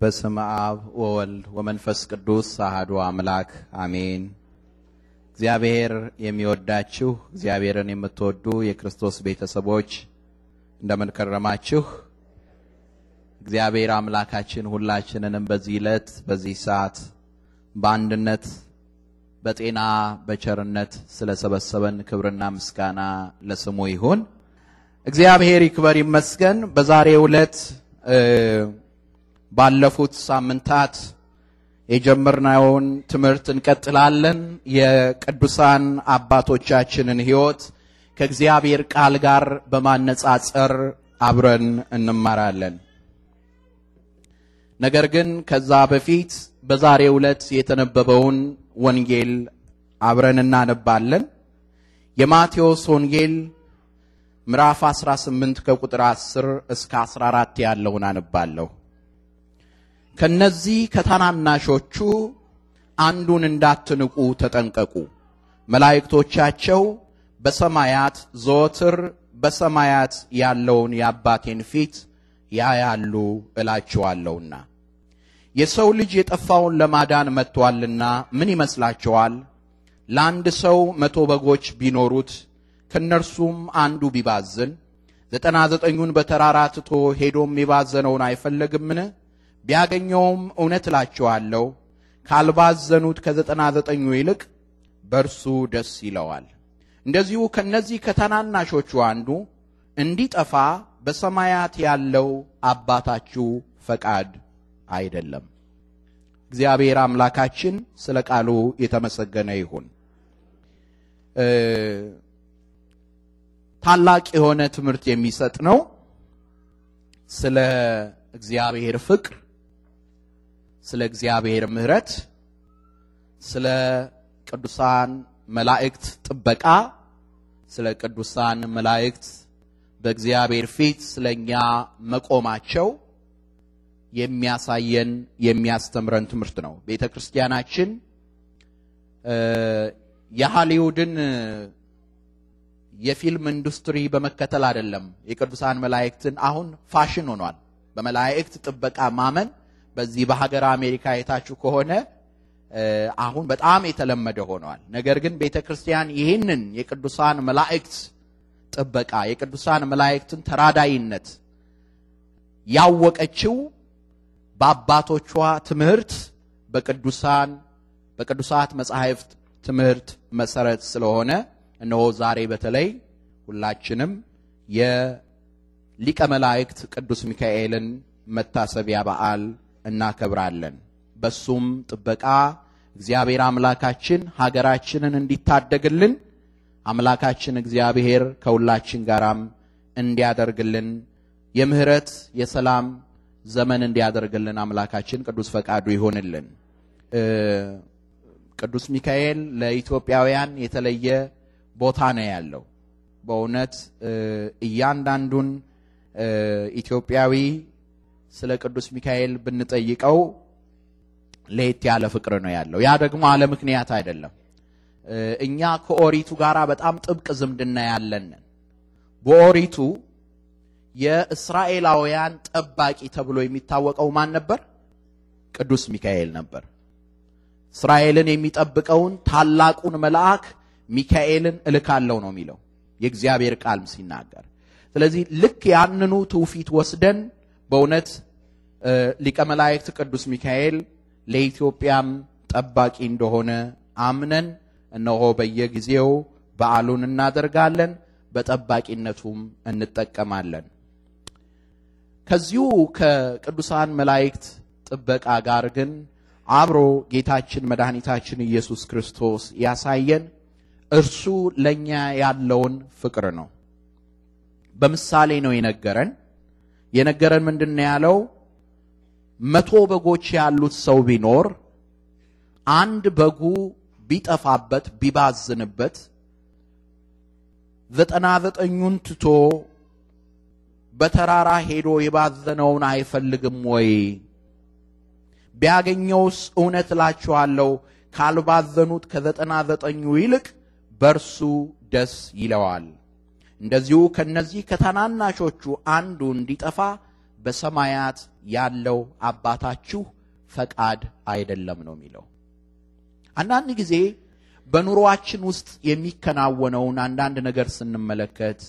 በስመ አብ ወወልድ ወመንፈስ ቅዱስ አህዱ አምላክ አሜን። እግዚአብሔር የሚወዳችሁ እግዚአብሔርን የምትወዱ የክርስቶስ ቤተሰቦች እንደምንከረማችሁ እግዚአብሔር አምላካችን ሁላችንንም በዚህ ዕለት በዚህ ሰዓት በአንድነት በጤና በቸርነት ስለሰበሰበን ክብርና ምስጋና ለስሙ ይሁን። እግዚአብሔር ይክበር ይመስገን። በዛሬው ዕለት ባለፉት ሳምንታት የጀመርናውን ትምህርት እንቀጥላለን። የቅዱሳን አባቶቻችንን ሕይወት ከእግዚአብሔር ቃል ጋር በማነጻጸር አብረን እንማራለን። ነገር ግን ከዛ በፊት በዛሬ ዕለት የተነበበውን ወንጌል አብረን እናነባለን። የማቴዎስ ወንጌል ምዕራፍ 18 ከቁጥር 10 እስከ 14 ያለውን አነባለሁ። ከነዚህ ከታናናሾቹ አንዱን እንዳትንቁ ተጠንቀቁ። መላእክቶቻቸው በሰማያት ዘወትር በሰማያት ያለውን የአባቴን ፊት ያያሉ እላችኋለሁና። የሰው ልጅ የጠፋውን ለማዳን መጥቷልና ምን ይመስላችኋል? ለአንድ ሰው መቶ በጎች ቢኖሩት ከእነርሱም አንዱ ቢባዝን ዘጠና ዘጠኙን በተራራ ትቶ ሄዶም የባዘነውን አይፈለግምን? ቢያገኘውም እውነት እላችኋለሁ ካልባዘኑት ከዘጠና ዘጠኙ ይልቅ በእርሱ ደስ ይለዋል። እንደዚሁ ከእነዚህ ከታናናሾቹ አንዱ እንዲጠፋ በሰማያት ያለው አባታችሁ ፈቃድ አይደለም። እግዚአብሔር አምላካችን ስለ ቃሉ የተመሰገነ ይሁን። ታላቅ የሆነ ትምህርት የሚሰጥ ነው። ስለ እግዚአብሔር ፍቅር ስለ እግዚአብሔር ምሕረት፣ ስለ ቅዱሳን መላእክት ጥበቃ፣ ስለ ቅዱሳን መላእክት በእግዚአብሔር ፊት ስለ እኛ መቆማቸው የሚያሳየን የሚያስተምረን ትምህርት ነው። ቤተ ክርስቲያናችን የሃሊውድን የፊልም ኢንዱስትሪ በመከተል አይደለም የቅዱሳን መላእክትን አሁን ፋሽን ሆኗል። በመላእክት ጥበቃ ማመን በዚህ በሀገር አሜሪካ የታችሁ ከሆነ አሁን በጣም የተለመደ ሆኗል። ነገር ግን ቤተ ክርስቲያን ይህንን የቅዱሳን መላእክት ጥበቃ የቅዱሳን መላእክትን ተራዳይነት ያወቀችው በአባቶቿ ትምህርት በቅዱሳን በቅዱሳት መጻሕፍት ትምህርት መሰረት ስለሆነ እነሆ ዛሬ በተለይ ሁላችንም የሊቀ መላእክት ቅዱስ ሚካኤልን መታሰቢያ በዓል እናከብራለን። በሱም ጥበቃ እግዚአብሔር አምላካችን ሀገራችንን እንዲታደግልን አምላካችን እግዚአብሔር ከሁላችን ጋራም እንዲያደርግልን የምህረት የሰላም ዘመን እንዲያደርግልን አምላካችን ቅዱስ ፈቃዱ ይሆንልን። ቅዱስ ሚካኤል ለኢትዮጵያውያን የተለየ ቦታ ነው ያለው። በእውነት እያንዳንዱን ኢትዮጵያዊ ስለ ቅዱስ ሚካኤል ብንጠይቀው ለየት ያለ ፍቅር ነው ያለው። ያ ደግሞ አለ ምክንያት አይደለም። እኛ ከኦሪቱ ጋር በጣም ጥብቅ ዝምድና ያለን በኦሪቱ የእስራኤላውያን ጠባቂ ተብሎ የሚታወቀው ማን ነበር? ቅዱስ ሚካኤል ነበር። እስራኤልን የሚጠብቀውን ታላቁን መልአክ ሚካኤልን እልካለው ነው የሚለው የእግዚአብሔር ቃልም ሲናገር። ስለዚህ ልክ ያንኑ ትውፊት ወስደን በእውነት ሊቀ መላእክት ቅዱስ ሚካኤል ለኢትዮጵያም ጠባቂ እንደሆነ አምነን እነሆ በየጊዜው በዓሉን እናደርጋለን፣ በጠባቂነቱም እንጠቀማለን። ከዚሁ ከቅዱሳን መላእክት ጥበቃ ጋር ግን አብሮ ጌታችን መድኃኒታችን ኢየሱስ ክርስቶስ ያሳየን እርሱ ለእኛ ያለውን ፍቅር ነው። በምሳሌ ነው የነገረን። የነገረን ምንድን ያለው? መቶ በጎች ያሉት ሰው ቢኖር አንድ በጉ ቢጠፋበት ቢባዝንበት ዘጠና ዘጠኙን ትቶ በተራራ ሄዶ የባዘነውን አይፈልግም ወይ? ቢያገኘውስ እውነት እላችኋለሁ ካልባዘኑት ከዘጠና ዘጠኙ ይልቅ በእርሱ ደስ ይለዋል። እንደዚሁ ከነዚህ ከታናናሾቹ አንዱ እንዲጠፋ በሰማያት ያለው አባታችሁ ፈቃድ አይደለም ነው የሚለው። አንዳንድ ጊዜ በኑሯችን ውስጥ የሚከናወነውን አንዳንድ ነገር ስንመለከት፣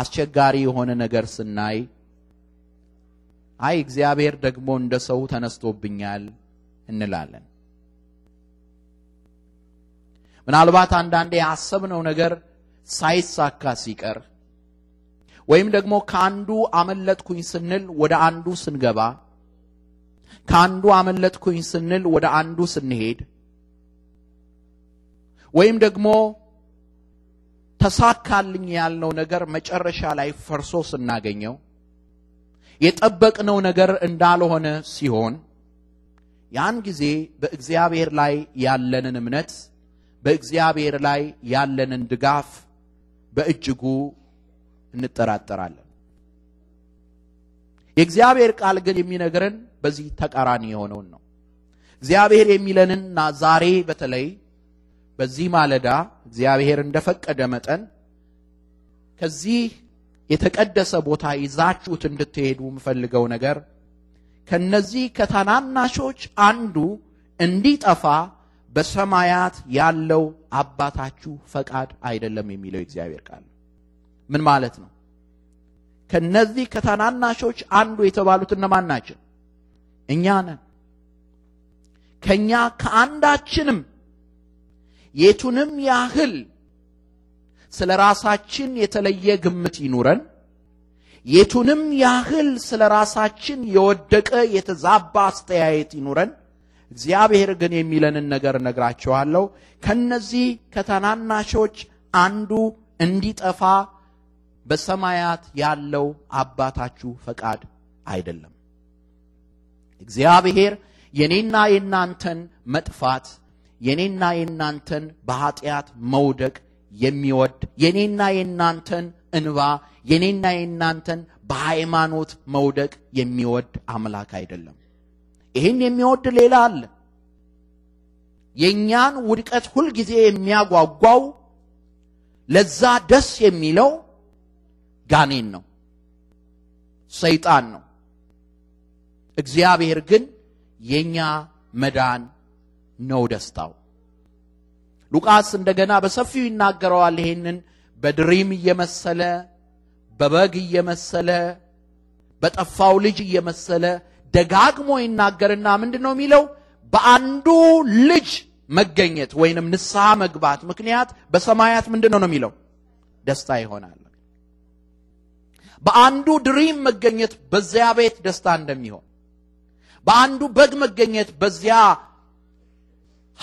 አስቸጋሪ የሆነ ነገር ስናይ፣ አይ እግዚአብሔር ደግሞ እንደ ሰው ተነስቶብኛል እንላለን። ምናልባት አንዳንዴ ያሰብነው ነገር ሳይሳካ ሲቀር ወይም ደግሞ ከአንዱ አመለጥኩኝ ስንል ወደ አንዱ ስንገባ ከአንዱ አመለጥኩኝ ስንል ወደ አንዱ ስንሄድ ወይም ደግሞ ተሳካልኝ ያልነው ነገር መጨረሻ ላይ ፈርሶ ስናገኘው የጠበቅነው ነገር እንዳልሆነ ሲሆን ያን ጊዜ በእግዚአብሔር ላይ ያለንን እምነት በእግዚአብሔር ላይ ያለንን ድጋፍ በእጅጉ እንጠራጠራለን። የእግዚአብሔር ቃል ግን የሚነግረን በዚህ ተቃራኒ የሆነውን ነው። እግዚአብሔር የሚለንና ዛሬ በተለይ በዚህ ማለዳ እግዚአብሔር እንደፈቀደ መጠን ከዚህ የተቀደሰ ቦታ ይዛችሁት እንድትሄዱ የምፈልገው ነገር ከነዚህ ከታናናሾች አንዱ እንዲጠፋ በሰማያት ያለው አባታችሁ ፈቃድ አይደለም የሚለው የእግዚአብሔር ቃል ምን ማለት ነው? ከነዚህ ከታናናሾች አንዱ የተባሉት እነማን ናቸው? እኛ ነን። ከኛ ከአንዳችንም የቱንም ያህል ስለ ራሳችን የተለየ ግምት ይኑረን፣ የቱንም ያህል ስለ ራሳችን የወደቀ የተዛባ አስተያየት ይኑረን እግዚአብሔር ግን የሚለንን ነገር እነግራችኋለሁ። ከነዚህ ከታናናሾች አንዱ እንዲጠፋ በሰማያት ያለው አባታችሁ ፈቃድ አይደለም። እግዚአብሔር የኔና የናንተን መጥፋት የኔና የናንተን በኃጢአት መውደቅ የሚወድ የኔና የናንተን እንባ የኔና የናንተን በሃይማኖት መውደቅ የሚወድ አምላክ አይደለም። ይህን የሚወድ ሌላ አለ። የእኛን ውድቀት ሁልጊዜ የሚያጓጓው ለዛ ደስ የሚለው ጋኔን ነው፣ ሰይጣን ነው። እግዚአብሔር ግን የእኛ መዳን ነው ደስታው። ሉቃስ እንደገና በሰፊው ይናገረዋል። ይሄንን በድሪም እየመሰለ በበግ እየመሰለ በጠፋው ልጅ እየመሰለ ደጋግሞ ይናገርና ምንድን ነው የሚለው? በአንዱ ልጅ መገኘት ወይንም ንስሐ መግባት ምክንያት በሰማያት ምንድን ነው ነው የሚለው ደስታ ይሆናል። በአንዱ ድሪም መገኘት በዚያ ቤት ደስታ እንደሚሆን፣ በአንዱ በግ መገኘት በዚያ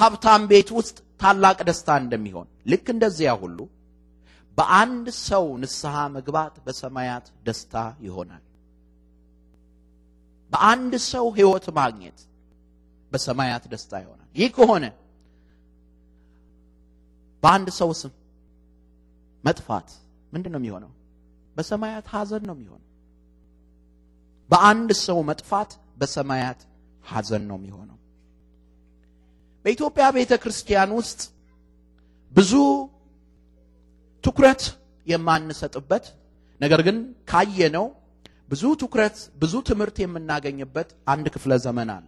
ሀብታም ቤት ውስጥ ታላቅ ደስታ እንደሚሆን፣ ልክ እንደዚያ ሁሉ በአንድ ሰው ንስሐ መግባት በሰማያት ደስታ ይሆናል። በአንድ ሰው ህይወት ማግኘት በሰማያት ደስታ ይሆናል። ይህ ከሆነ በአንድ ሰው ስም መጥፋት ምንድን ነው የሚሆነው? በሰማያት ሀዘን ነው የሚሆነው። በአንድ ሰው መጥፋት በሰማያት ሀዘን ነው የሚሆነው። በኢትዮጵያ ቤተ ክርስቲያን ውስጥ ብዙ ትኩረት የማንሰጥበት ነገር ግን ካየነው ብዙ ትኩረት ብዙ ትምህርት የምናገኝበት አንድ ክፍለ ዘመን አለ።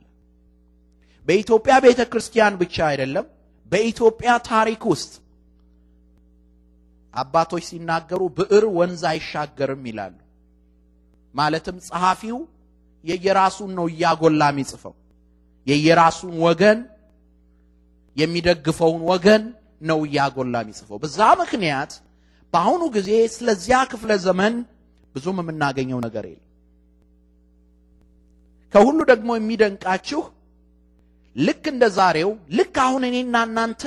በኢትዮጵያ ቤተ ክርስቲያን ብቻ አይደለም፣ በኢትዮጵያ ታሪክ ውስጥ አባቶች ሲናገሩ ብዕር ወንዝ አይሻገርም ይላሉ። ማለትም ጸሐፊው የየራሱን ነው እያጎላ የሚጽፈው። የየራሱን ወገን የሚደግፈውን ወገን ነው እያጎላ የሚጽፈው። በዛ ምክንያት በአሁኑ ጊዜ ስለዚያ ክፍለ ዘመን ብዙም የምናገኘው ነገር የለም። ከሁሉ ደግሞ የሚደንቃችሁ ልክ እንደ ዛሬው ልክ አሁን እኔና እናንተ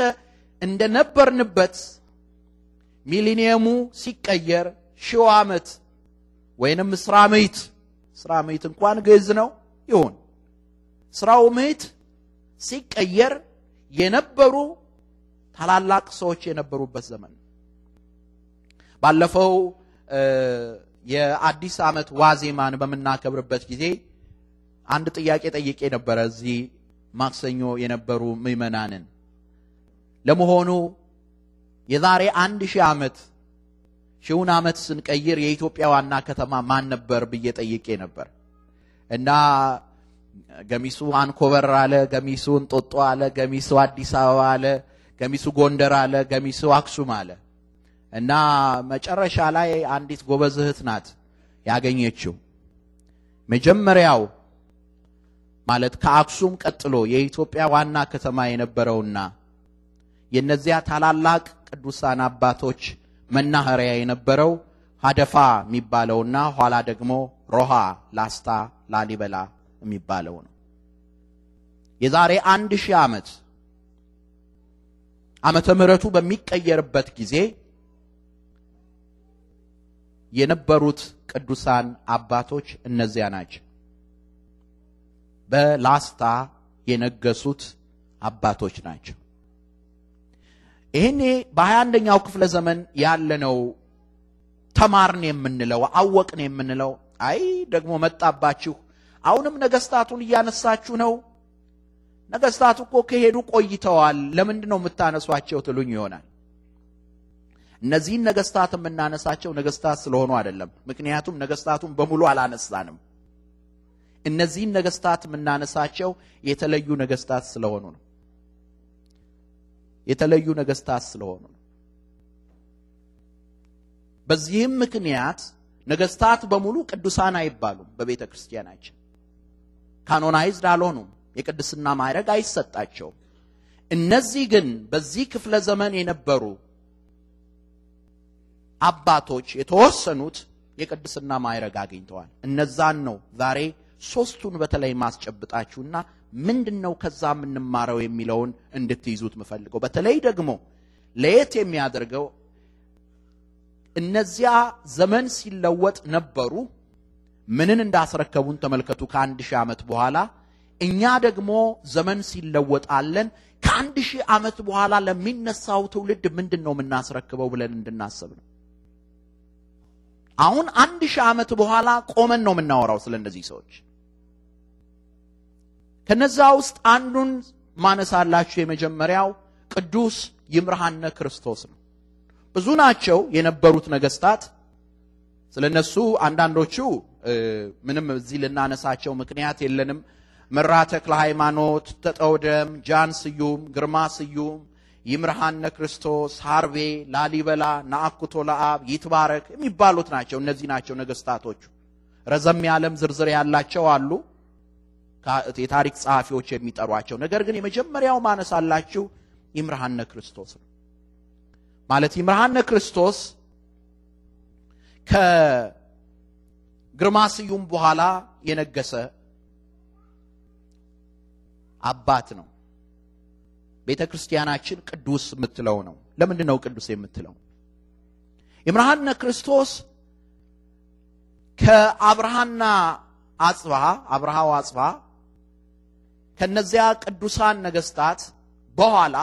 እንደነበርንበት ሚሊኒየሙ ሲቀየር ሺው ዓመት ወይንም ስራ ምዕት ስራ ምዕት እንኳን ግዕዝ ነው ይሁን ስራው ምዕት ሲቀየር የነበሩ ታላላቅ ሰዎች የነበሩበት ዘመን ባለፈው የአዲስ ዓመት ዋዜማን በምናከብርበት ጊዜ አንድ ጥያቄ ጠይቄ ነበረ እዚህ ማክሰኞ የነበሩ ምዕመናንን። ለመሆኑ የዛሬ አንድ ሺህ ዓመት ሺውን ዓመት ስንቀይር የኢትዮጵያ ዋና ከተማ ማን ነበር ብዬ ጠይቄ ነበር እና ገሚሱ አንኮበር አለ፣ ገሚሱ እንጦጦ አለ፣ ገሚሱ አዲስ አበባ አለ፣ ገሚሱ ጎንደር አለ፣ ገሚሱ አክሱም አለ። እና መጨረሻ ላይ አንዲት ጎበዝ እህት ናት ያገኘችው። መጀመሪያው ማለት ከአክሱም ቀጥሎ የኢትዮጵያ ዋና ከተማ የነበረውና የእነዚያ ታላላቅ ቅዱሳን አባቶች መናኸሪያ የነበረው ሀደፋ የሚባለውና ኋላ ደግሞ ሮሃ፣ ላስታ፣ ላሊበላ የሚባለው ነው። የዛሬ አንድ ሺህ ዓመት ዓመተ ምሕረቱ በሚቀየርበት ጊዜ የነበሩት ቅዱሳን አባቶች እነዚያ ናቸው። በላስታ የነገሱት አባቶች ናቸው። ይህኔ በሀያ አንደኛው ክፍለ ዘመን ያለነው ተማርን የምንለው አወቅን የምንለው አይ ደግሞ መጣባችሁ፣ አሁንም ነገስታቱን እያነሳችሁ ነው። ነገስታቱ እኮ ከሄዱ ቆይተዋል፣ ለምንድን ነው የምታነሷቸው ትሉኝ ይሆናል። እነዚህን ነገስታት የምናነሳቸው ነገስታት ስለሆኑ አይደለም። ምክንያቱም ነገስታቱን በሙሉ አላነሳንም። እነዚህን ነገስታት የምናነሳቸው የተለዩ ነገስታት ስለሆኑ ነው። የተለዩ ነገስታት ስለሆኑ ነው። በዚህም ምክንያት ነገስታት በሙሉ ቅዱሳን አይባሉም። በቤተ ክርስቲያናችን ካኖናይዝድ አልሆኑም። የቅድስና ማዕረግ አይሰጣቸውም። እነዚህ ግን በዚህ ክፍለ ዘመን የነበሩ አባቶች የተወሰኑት የቅድስና ማዕረግ አግኝተዋል። እነዛን ነው ዛሬ ሶስቱን በተለይ ማስጨብጣችሁና ምንድን ነው ከዛ የምንማረው የሚለውን እንድትይዙት ምፈልገው። በተለይ ደግሞ ለየት የሚያደርገው እነዚያ ዘመን ሲለወጥ ነበሩ። ምንን እንዳስረከቡን ተመልከቱ። ከአንድ ሺህ ዓመት በኋላ እኛ ደግሞ ዘመን ሲለወጣለን ከአንድ ሺህ ዓመት በኋላ ለሚነሳው ትውልድ ምንድን ነው የምናስረክበው ብለን እንድናስብ ነው። አሁን አንድ ሺህ ዓመት በኋላ ቆመን ነው የምናወራው ስለ እነዚህ ሰዎች። ከነዛ ውስጥ አንዱን ማነሳላችሁ። የመጀመሪያው ቅዱስ ይምርሃነ ክርስቶስ ነው። ብዙ ናቸው የነበሩት ነገስታት። ስለ እነሱ አንዳንዶቹ ምንም እዚህ ልናነሳቸው ምክንያት የለንም። መራ ተክለ ሃይማኖት፣ ተጠውደም፣ ጃን ስዩም፣ ግርማ ስዩም ይምርሃነ ክርስቶስ፣ ሐርቤ፣ ላሊበላ፣ ናአኩቶ ለአብ፣ ይትባረክ የሚባሉት ናቸው። እነዚህ ናቸው ነገስታቶቹ። ረዘም ያለም ዝርዝር ያላቸው አሉ የታሪክ ጸሐፊዎች የሚጠሯቸው። ነገር ግን የመጀመሪያው ማነሳላችሁ ይምርሃነ ክርስቶስ ነው። ማለት ይምርሃነ ክርስቶስ ከግርማ ስዩም በኋላ የነገሰ አባት ነው። ቤተ ክርስቲያናችን ቅዱስ የምትለው ነው። ለምንድን ነው ቅዱስ የምትለው? ይምርሃነ ክርስቶስ ከአብርሃና አጽባ አብርሃው አጽባ ከነዚያ ቅዱሳን ነገስታት በኋላ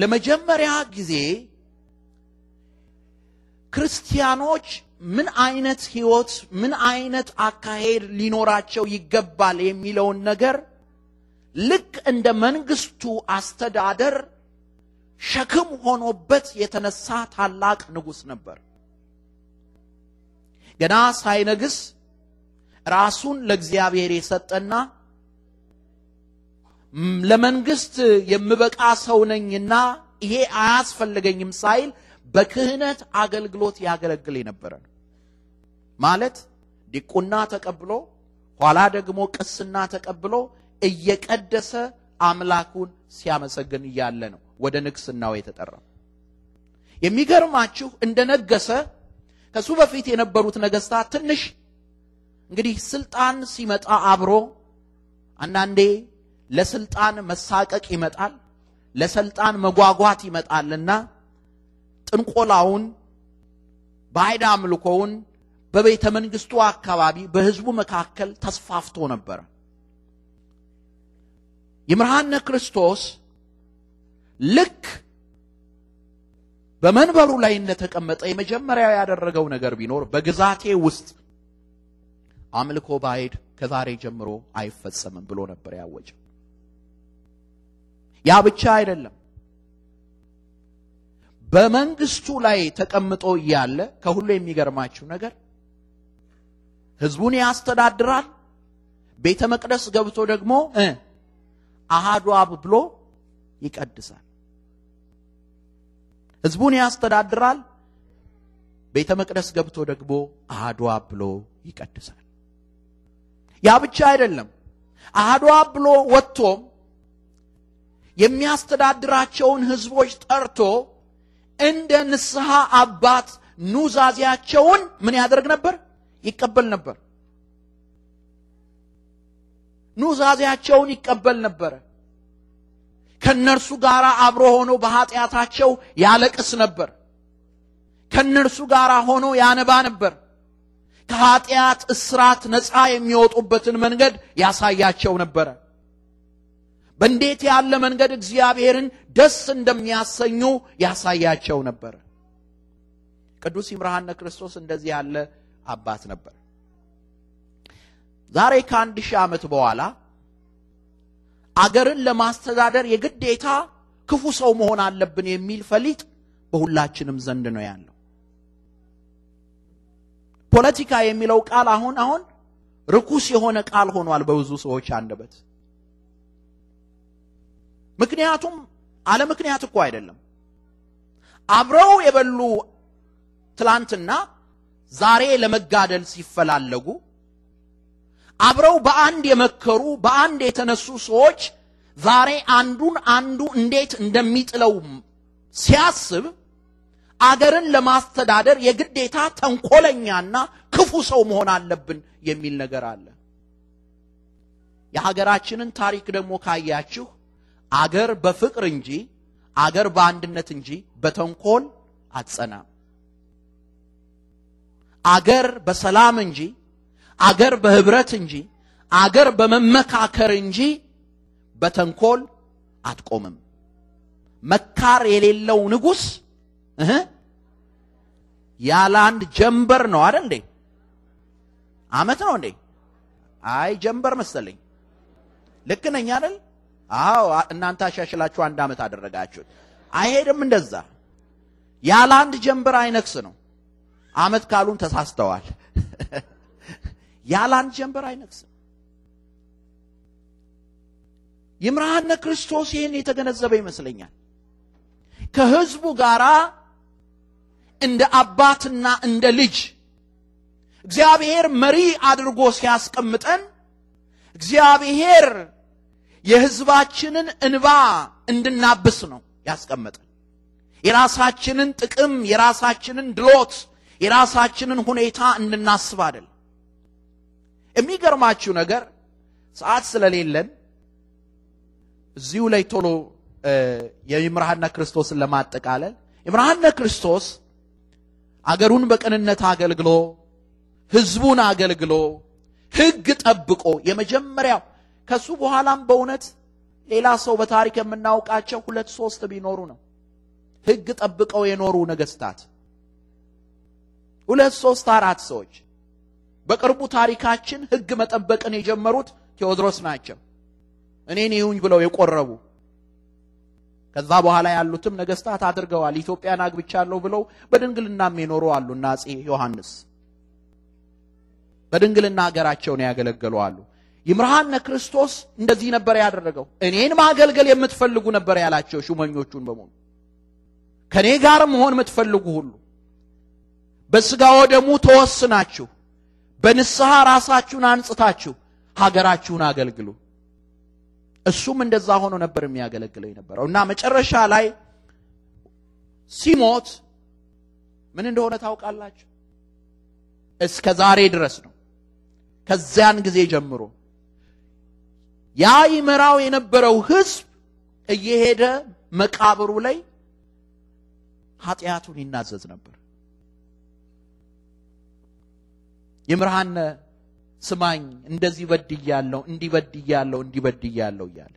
ለመጀመሪያ ጊዜ ክርስቲያኖች ምን አይነት ህይወት ምን አይነት አካሄድ ሊኖራቸው ይገባል የሚለውን ነገር ልክ እንደ መንግስቱ አስተዳደር ሸክም ሆኖበት የተነሳ ታላቅ ንጉስ ነበር። ገና ሳይነግስ ራሱን ለእግዚአብሔር የሰጠና ለመንግስት የምበቃ ሰው ነኝና ይሄ አያስፈልገኝም ሳይል በክህነት አገልግሎት ያገለግል የነበረ ነው። ማለት ዲቁና ተቀብሎ ኋላ ደግሞ ቅስና ተቀብሎ እየቀደሰ አምላኩን ሲያመሰግን እያለ ነው ወደ ንግስናው የተጠራው። የሚገርማችሁ እንደነገሰ ከሱ በፊት የነበሩት ነገስታት ትንሽ እንግዲህ ስልጣን ሲመጣ አብሮ አንዳንዴ ለስልጣን መሳቀቅ ይመጣል፣ ለስልጣን መጓጓት ይመጣልና ጥንቆላውን፣ በአይዳ አምልኮውን በቤተ መንግስቱ አካባቢ በህዝቡ መካከል ተስፋፍቶ ነበር። ይምርሃነ ክርስቶስ ልክ በመንበሩ ላይ እንደተቀመጠ የመጀመሪያ ያደረገው ነገር ቢኖር በግዛቴ ውስጥ አምልኮ ባይድ ከዛሬ ጀምሮ አይፈጸምም ብሎ ነበር ያወጀ። ያ ብቻ አይደለም። በመንግስቱ ላይ ተቀምጦ እያለ ከሁሉ የሚገርማችሁ ነገር ህዝቡን ያስተዳድራል። ቤተ መቅደስ ገብቶ ደግሞ አሃዱ አብ ብሎ ይቀድሳል። ህዝቡን ያስተዳድራል። ቤተ መቅደስ ገብቶ ደግሞ አሃዱ አብ ብሎ ይቀድሳል። ያ ብቻ አይደለም። አሃዱ አብ ብሎ ወጥቶም የሚያስተዳድራቸውን ህዝቦች ጠርቶ እንደ ንስሐ አባት ኑዛዜያቸውን ምን ያደርግ ነበር? ይቀበል ነበር። ኑዛዜያቸውን ይቀበል ነበረ። ከእነርሱ ጋር አብሮ ሆኖ በኃጢአታቸው ያለቅስ ነበር። ከእነርሱ ጋር ሆኖ ያነባ ነበር። ከኃጢአት እስራት ነፃ የሚወጡበትን መንገድ ያሳያቸው ነበረ። በእንዴት ያለ መንገድ እግዚአብሔርን ደስ እንደሚያሰኙ ያሳያቸው ነበር። ቅዱስ ይምርሃነ ክርስቶስ እንደዚህ ያለ አባት ነበር። ዛሬ ከአንድ ሺህ ዓመት በኋላ አገርን ለማስተዳደር የግዴታ ክፉ ሰው መሆን አለብን የሚል ፈሊጥ በሁላችንም ዘንድ ነው ያለው። ፖለቲካ የሚለው ቃል አሁን አሁን ርኩስ የሆነ ቃል ሆኗል በብዙ ሰዎች አንደበት። ምክንያቱም አለ ምክንያት እኮ አይደለም። አብረው የበሉ ትላንትና ዛሬ ለመጋደል ሲፈላለጉ አብረው በአንድ የመከሩ በአንድ የተነሱ ሰዎች ዛሬ አንዱን አንዱ እንዴት እንደሚጥለው ሲያስብ አገርን ለማስተዳደር የግዴታ ተንኮለኛና ክፉ ሰው መሆን አለብን የሚል ነገር አለ። የሀገራችንን ታሪክ ደግሞ ካያችሁ አገር በፍቅር እንጂ አገር በአንድነት እንጂ በተንኮል አትጸናም። አገር በሰላም እንጂ አገር በህብረት እንጂ አገር በመመካከር እንጂ በተንኮል አትቆምም። መካር የሌለው ንጉሥ እህ ያለ አንድ ጀንበር ነው አይደል እንዴ? አመት ነው እንዴ? አይ ጀንበር መሰለኝ። ልክ ነኝ አይደል? አዎ እናንተ አሻሽላችሁ አንድ አመት አደረጋችሁት። አይሄድም እንደዛ። ያለ አንድ ጀንበር አይነክስ ነው። አመት ካሉን ተሳስተዋል። ያለ አንድ ጀንበር አይነግስም። ይምርሃነ ክርስቶስ ይህን የተገነዘበ ይመስለኛል። ከህዝቡ ጋር እንደ አባትና እንደ ልጅ እግዚአብሔር መሪ አድርጎ ሲያስቀምጠን እግዚአብሔር የህዝባችንን እንባ እንድናብስ ነው ያስቀመጠን። የራሳችንን ጥቅም፣ የራሳችንን ድሎት፣ የራሳችንን ሁኔታ እንድናስብ አይደል። የሚገርማችሁ ነገር ሰዓት ስለሌለን እዚሁ ላይ ቶሎ የይምርሃነ ክርስቶስን ለማጠቃለል ይምርሃነ ክርስቶስ አገሩን በቅንነት አገልግሎ ህዝቡን አገልግሎ ህግ ጠብቆ የመጀመሪያው ከሱ በኋላም በእውነት ሌላ ሰው በታሪክ የምናውቃቸው ሁለት ሶስት ቢኖሩ ነው ህግ ጠብቀው የኖሩ ነገስታት ሁለት ሶስት አራት ሰዎች በቅርቡ ታሪካችን ህግ መጠበቅን የጀመሩት ቴዎድሮስ ናቸው። እኔን ይሁኝ ብለው የቆረቡ ከዛ በኋላ ያሉትም ነገስታት አድርገዋል። ኢትዮጵያን አግብቻለሁ ብለው በድንግልናም የኖሩ አሉ። እና አጼ ዮሐንስ በድንግልና ሀገራቸውን ያገለገሉ አሉ። ይምርሃነ ክርስቶስ እንደዚህ ነበር ያደረገው። እኔን ማገልገል የምትፈልጉ ነበር ያላቸው ሹመኞቹን በሙሉ ከእኔ ጋር መሆን የምትፈልጉ ሁሉ በስጋ ወደሙ ተወስናችሁ በንስሐ ራሳችሁን አንጽታችሁ ሀገራችሁን አገልግሉ። እሱም እንደዛ ሆኖ ነበር የሚያገለግለው የነበረው እና መጨረሻ ላይ ሲሞት ምን እንደሆነ ታውቃላችሁ? እስከ ዛሬ ድረስ ነው። ከዚያን ጊዜ ጀምሮ ያ ይመራው የነበረው ህዝብ እየሄደ መቃብሩ ላይ ኃጢአቱን ይናዘዝ ነበር። ይምርሃነ ስማኝ፣ እንደዚህ በድያለሁ፣ እንዲህ በድያለሁ፣ እንዲህ በድያለሁ እያለ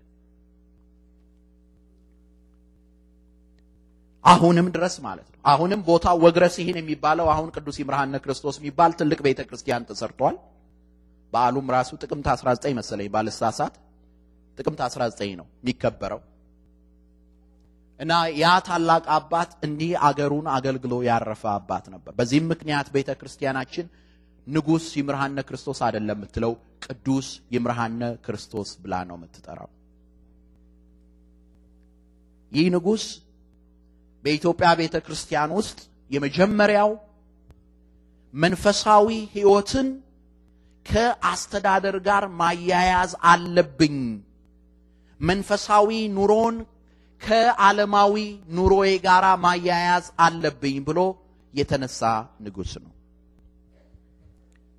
አሁንም ድረስ ማለት ነው። አሁንም ቦታ ወግረ ሲሄን የሚባለው አሁን ቅዱስ ይምርሃነ ክርስቶስ የሚባል ትልቅ ቤተ ክርስቲያን ተሰርቷል። በዓሉም ራሱ ጥቅምት 19 መሰለኝ ባልሳሳት፣ ጥቅምት 19 ነው የሚከበረው እና ያ ታላቅ አባት እንዲህ አገሩን አገልግሎ ያረፈ አባት ነበር። በዚህም ምክንያት ቤተ ክርስቲያናችን ንጉሥ ይምርሃነ ክርስቶስ አይደለም የምትለው፣ ቅዱስ ይምርሃነ ክርስቶስ ብላ ነው የምትጠራው። ይህ ንጉሥ በኢትዮጵያ ቤተ ክርስቲያን ውስጥ የመጀመሪያው መንፈሳዊ ሕይወትን ከአስተዳደር ጋር ማያያዝ አለብኝ፣ መንፈሳዊ ኑሮን ከዓለማዊ ኑሮዬ ጋር ማያያዝ አለብኝ ብሎ የተነሳ ንጉሥ ነው።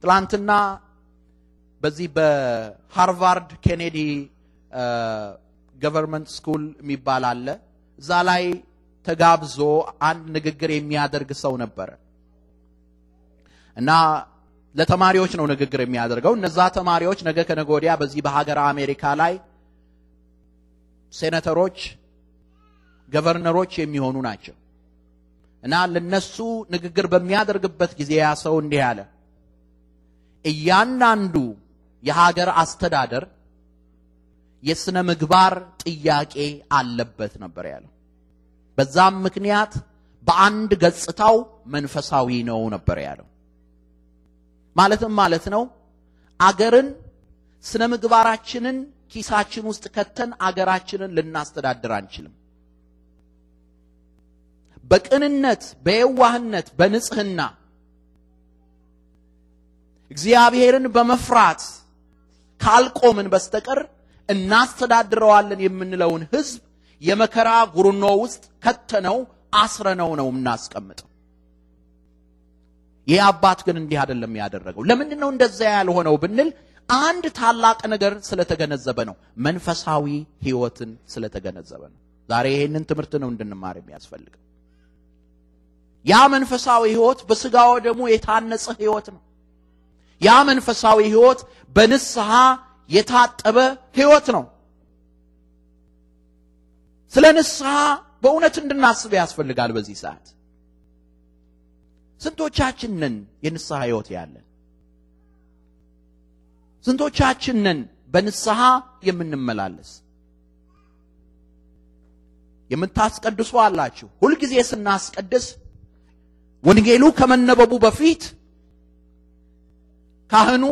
ትላንትና በዚህ በሃርቫርድ ኬኔዲ ገቨርንመንት ስኩል የሚባል አለ። እዛ ላይ ተጋብዞ አንድ ንግግር የሚያደርግ ሰው ነበረ እና ለተማሪዎች ነው ንግግር የሚያደርገው። እነዛ ተማሪዎች ነገ ከነገ ወዲያ በዚህ በሀገር አሜሪካ ላይ ሴኔተሮች፣ ገቨርነሮች የሚሆኑ ናቸው እና ለነሱ ንግግር በሚያደርግበት ጊዜ ያ ሰው እንዲህ አለ እያንዳንዱ የሀገር አስተዳደር የስነ ምግባር ጥያቄ አለበት ነበር ያለው። በዛም ምክንያት በአንድ ገጽታው መንፈሳዊ ነው ነበር ያለው። ማለትም ማለት ነው አገርን ስነ ምግባራችንን ኪሳችን ውስጥ ከተን አገራችንን ልናስተዳድር አንችልም። በቅንነት፣ በየዋህነት፣ በንጽህና እግዚአብሔርን በመፍራት ካልቆምን በስተቀር እናስተዳድረዋለን የምንለውን ህዝብ የመከራ ጉርኖ ውስጥ ከተነው አስረነው ነው እናስቀምጠው። ይህ አባት ግን እንዲህ አይደለም ያደረገው። ለምንድን ነው እንደዚያ ያልሆነው ብንል አንድ ታላቅ ነገር ስለተገነዘበ ነው። መንፈሳዊ ህይወትን ስለተገነዘበ ነው። ዛሬ ይህንን ትምህርት ነው እንድንማር የሚያስፈልገው። ያ መንፈሳዊ ህይወት በስጋው ደግሞ የታነጸ ህይወት ነው። ያ መንፈሳዊ ህይወት በንስሐ የታጠበ ህይወት ነው። ስለ ንስሐ በእውነት እንድናስብ ያስፈልጋል። በዚህ ሰዓት ስንቶቻችንን የንስሐ ህይወት ያለን? ስንቶቻችንን በንስሐ የምንመላለስ? የምታስቀድሱ አላችሁ። ሁልጊዜ ስናስቀድስ ወንጌሉ ከመነበቡ በፊት ካህኑ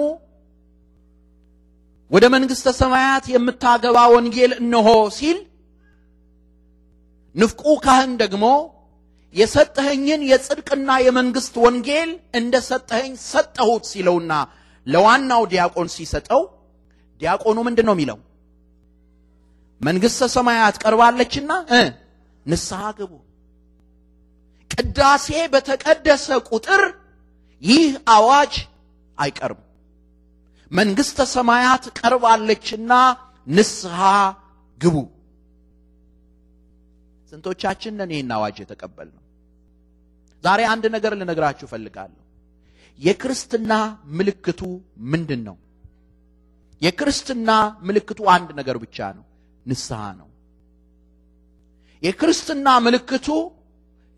ወደ መንግሥተ ሰማያት የምታገባ ወንጌል እነሆ ሲል ንፍቁ ካህን ደግሞ የሰጠኸኝን የጽድቅና የመንግሥት ወንጌል እንደ ሰጠኸኝ ሰጠሁት ሲለውና ለዋናው ዲያቆን ሲሰጠው ዲያቆኑ ምንድን ነው የሚለው? መንግሥተ ሰማያት ቀርባለችና ንስሐ ግቡ። ቅዳሴ በተቀደሰ ቁጥር ይህ አዋጅ አይቀርም። መንግሥተ ሰማያት ቀርባለችና ንስሐ ግቡ። ስንቶቻችን ነን ይህን አዋጅ የተቀበልነው? ዛሬ አንድ ነገር ልነግራችሁ እፈልጋለሁ። የክርስትና ምልክቱ ምንድን ነው? የክርስትና ምልክቱ አንድ ነገር ብቻ ነው፣ ንስሐ ነው። የክርስትና ምልክቱ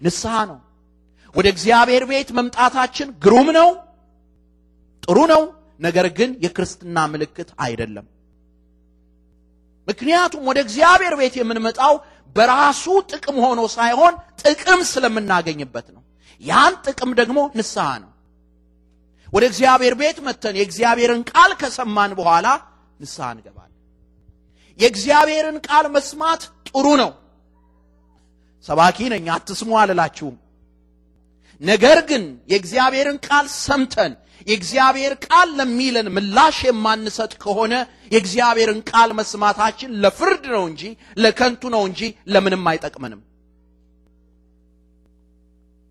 ንስሐ ነው። ወደ እግዚአብሔር ቤት መምጣታችን ግሩም ነው። ጥሩ ነው፣ ነገር ግን የክርስትና ምልክት አይደለም። ምክንያቱም ወደ እግዚአብሔር ቤት የምንመጣው በራሱ ጥቅም ሆኖ ሳይሆን ጥቅም ስለምናገኝበት ነው። ያን ጥቅም ደግሞ ንስሐ ነው። ወደ እግዚአብሔር ቤት መተን የእግዚአብሔርን ቃል ከሰማን በኋላ ንስሐ እንገባለን። የእግዚአብሔርን ቃል መስማት ጥሩ ነው። ሰባኪ ነኝ፣ አትስሙ አልላችሁም። ነገር ግን የእግዚአብሔርን ቃል ሰምተን የእግዚአብሔር ቃል ለሚለን ምላሽ የማንሰጥ ከሆነ የእግዚአብሔርን ቃል መስማታችን ለፍርድ ነው እንጂ ለከንቱ ነው እንጂ ለምንም አይጠቅመንም።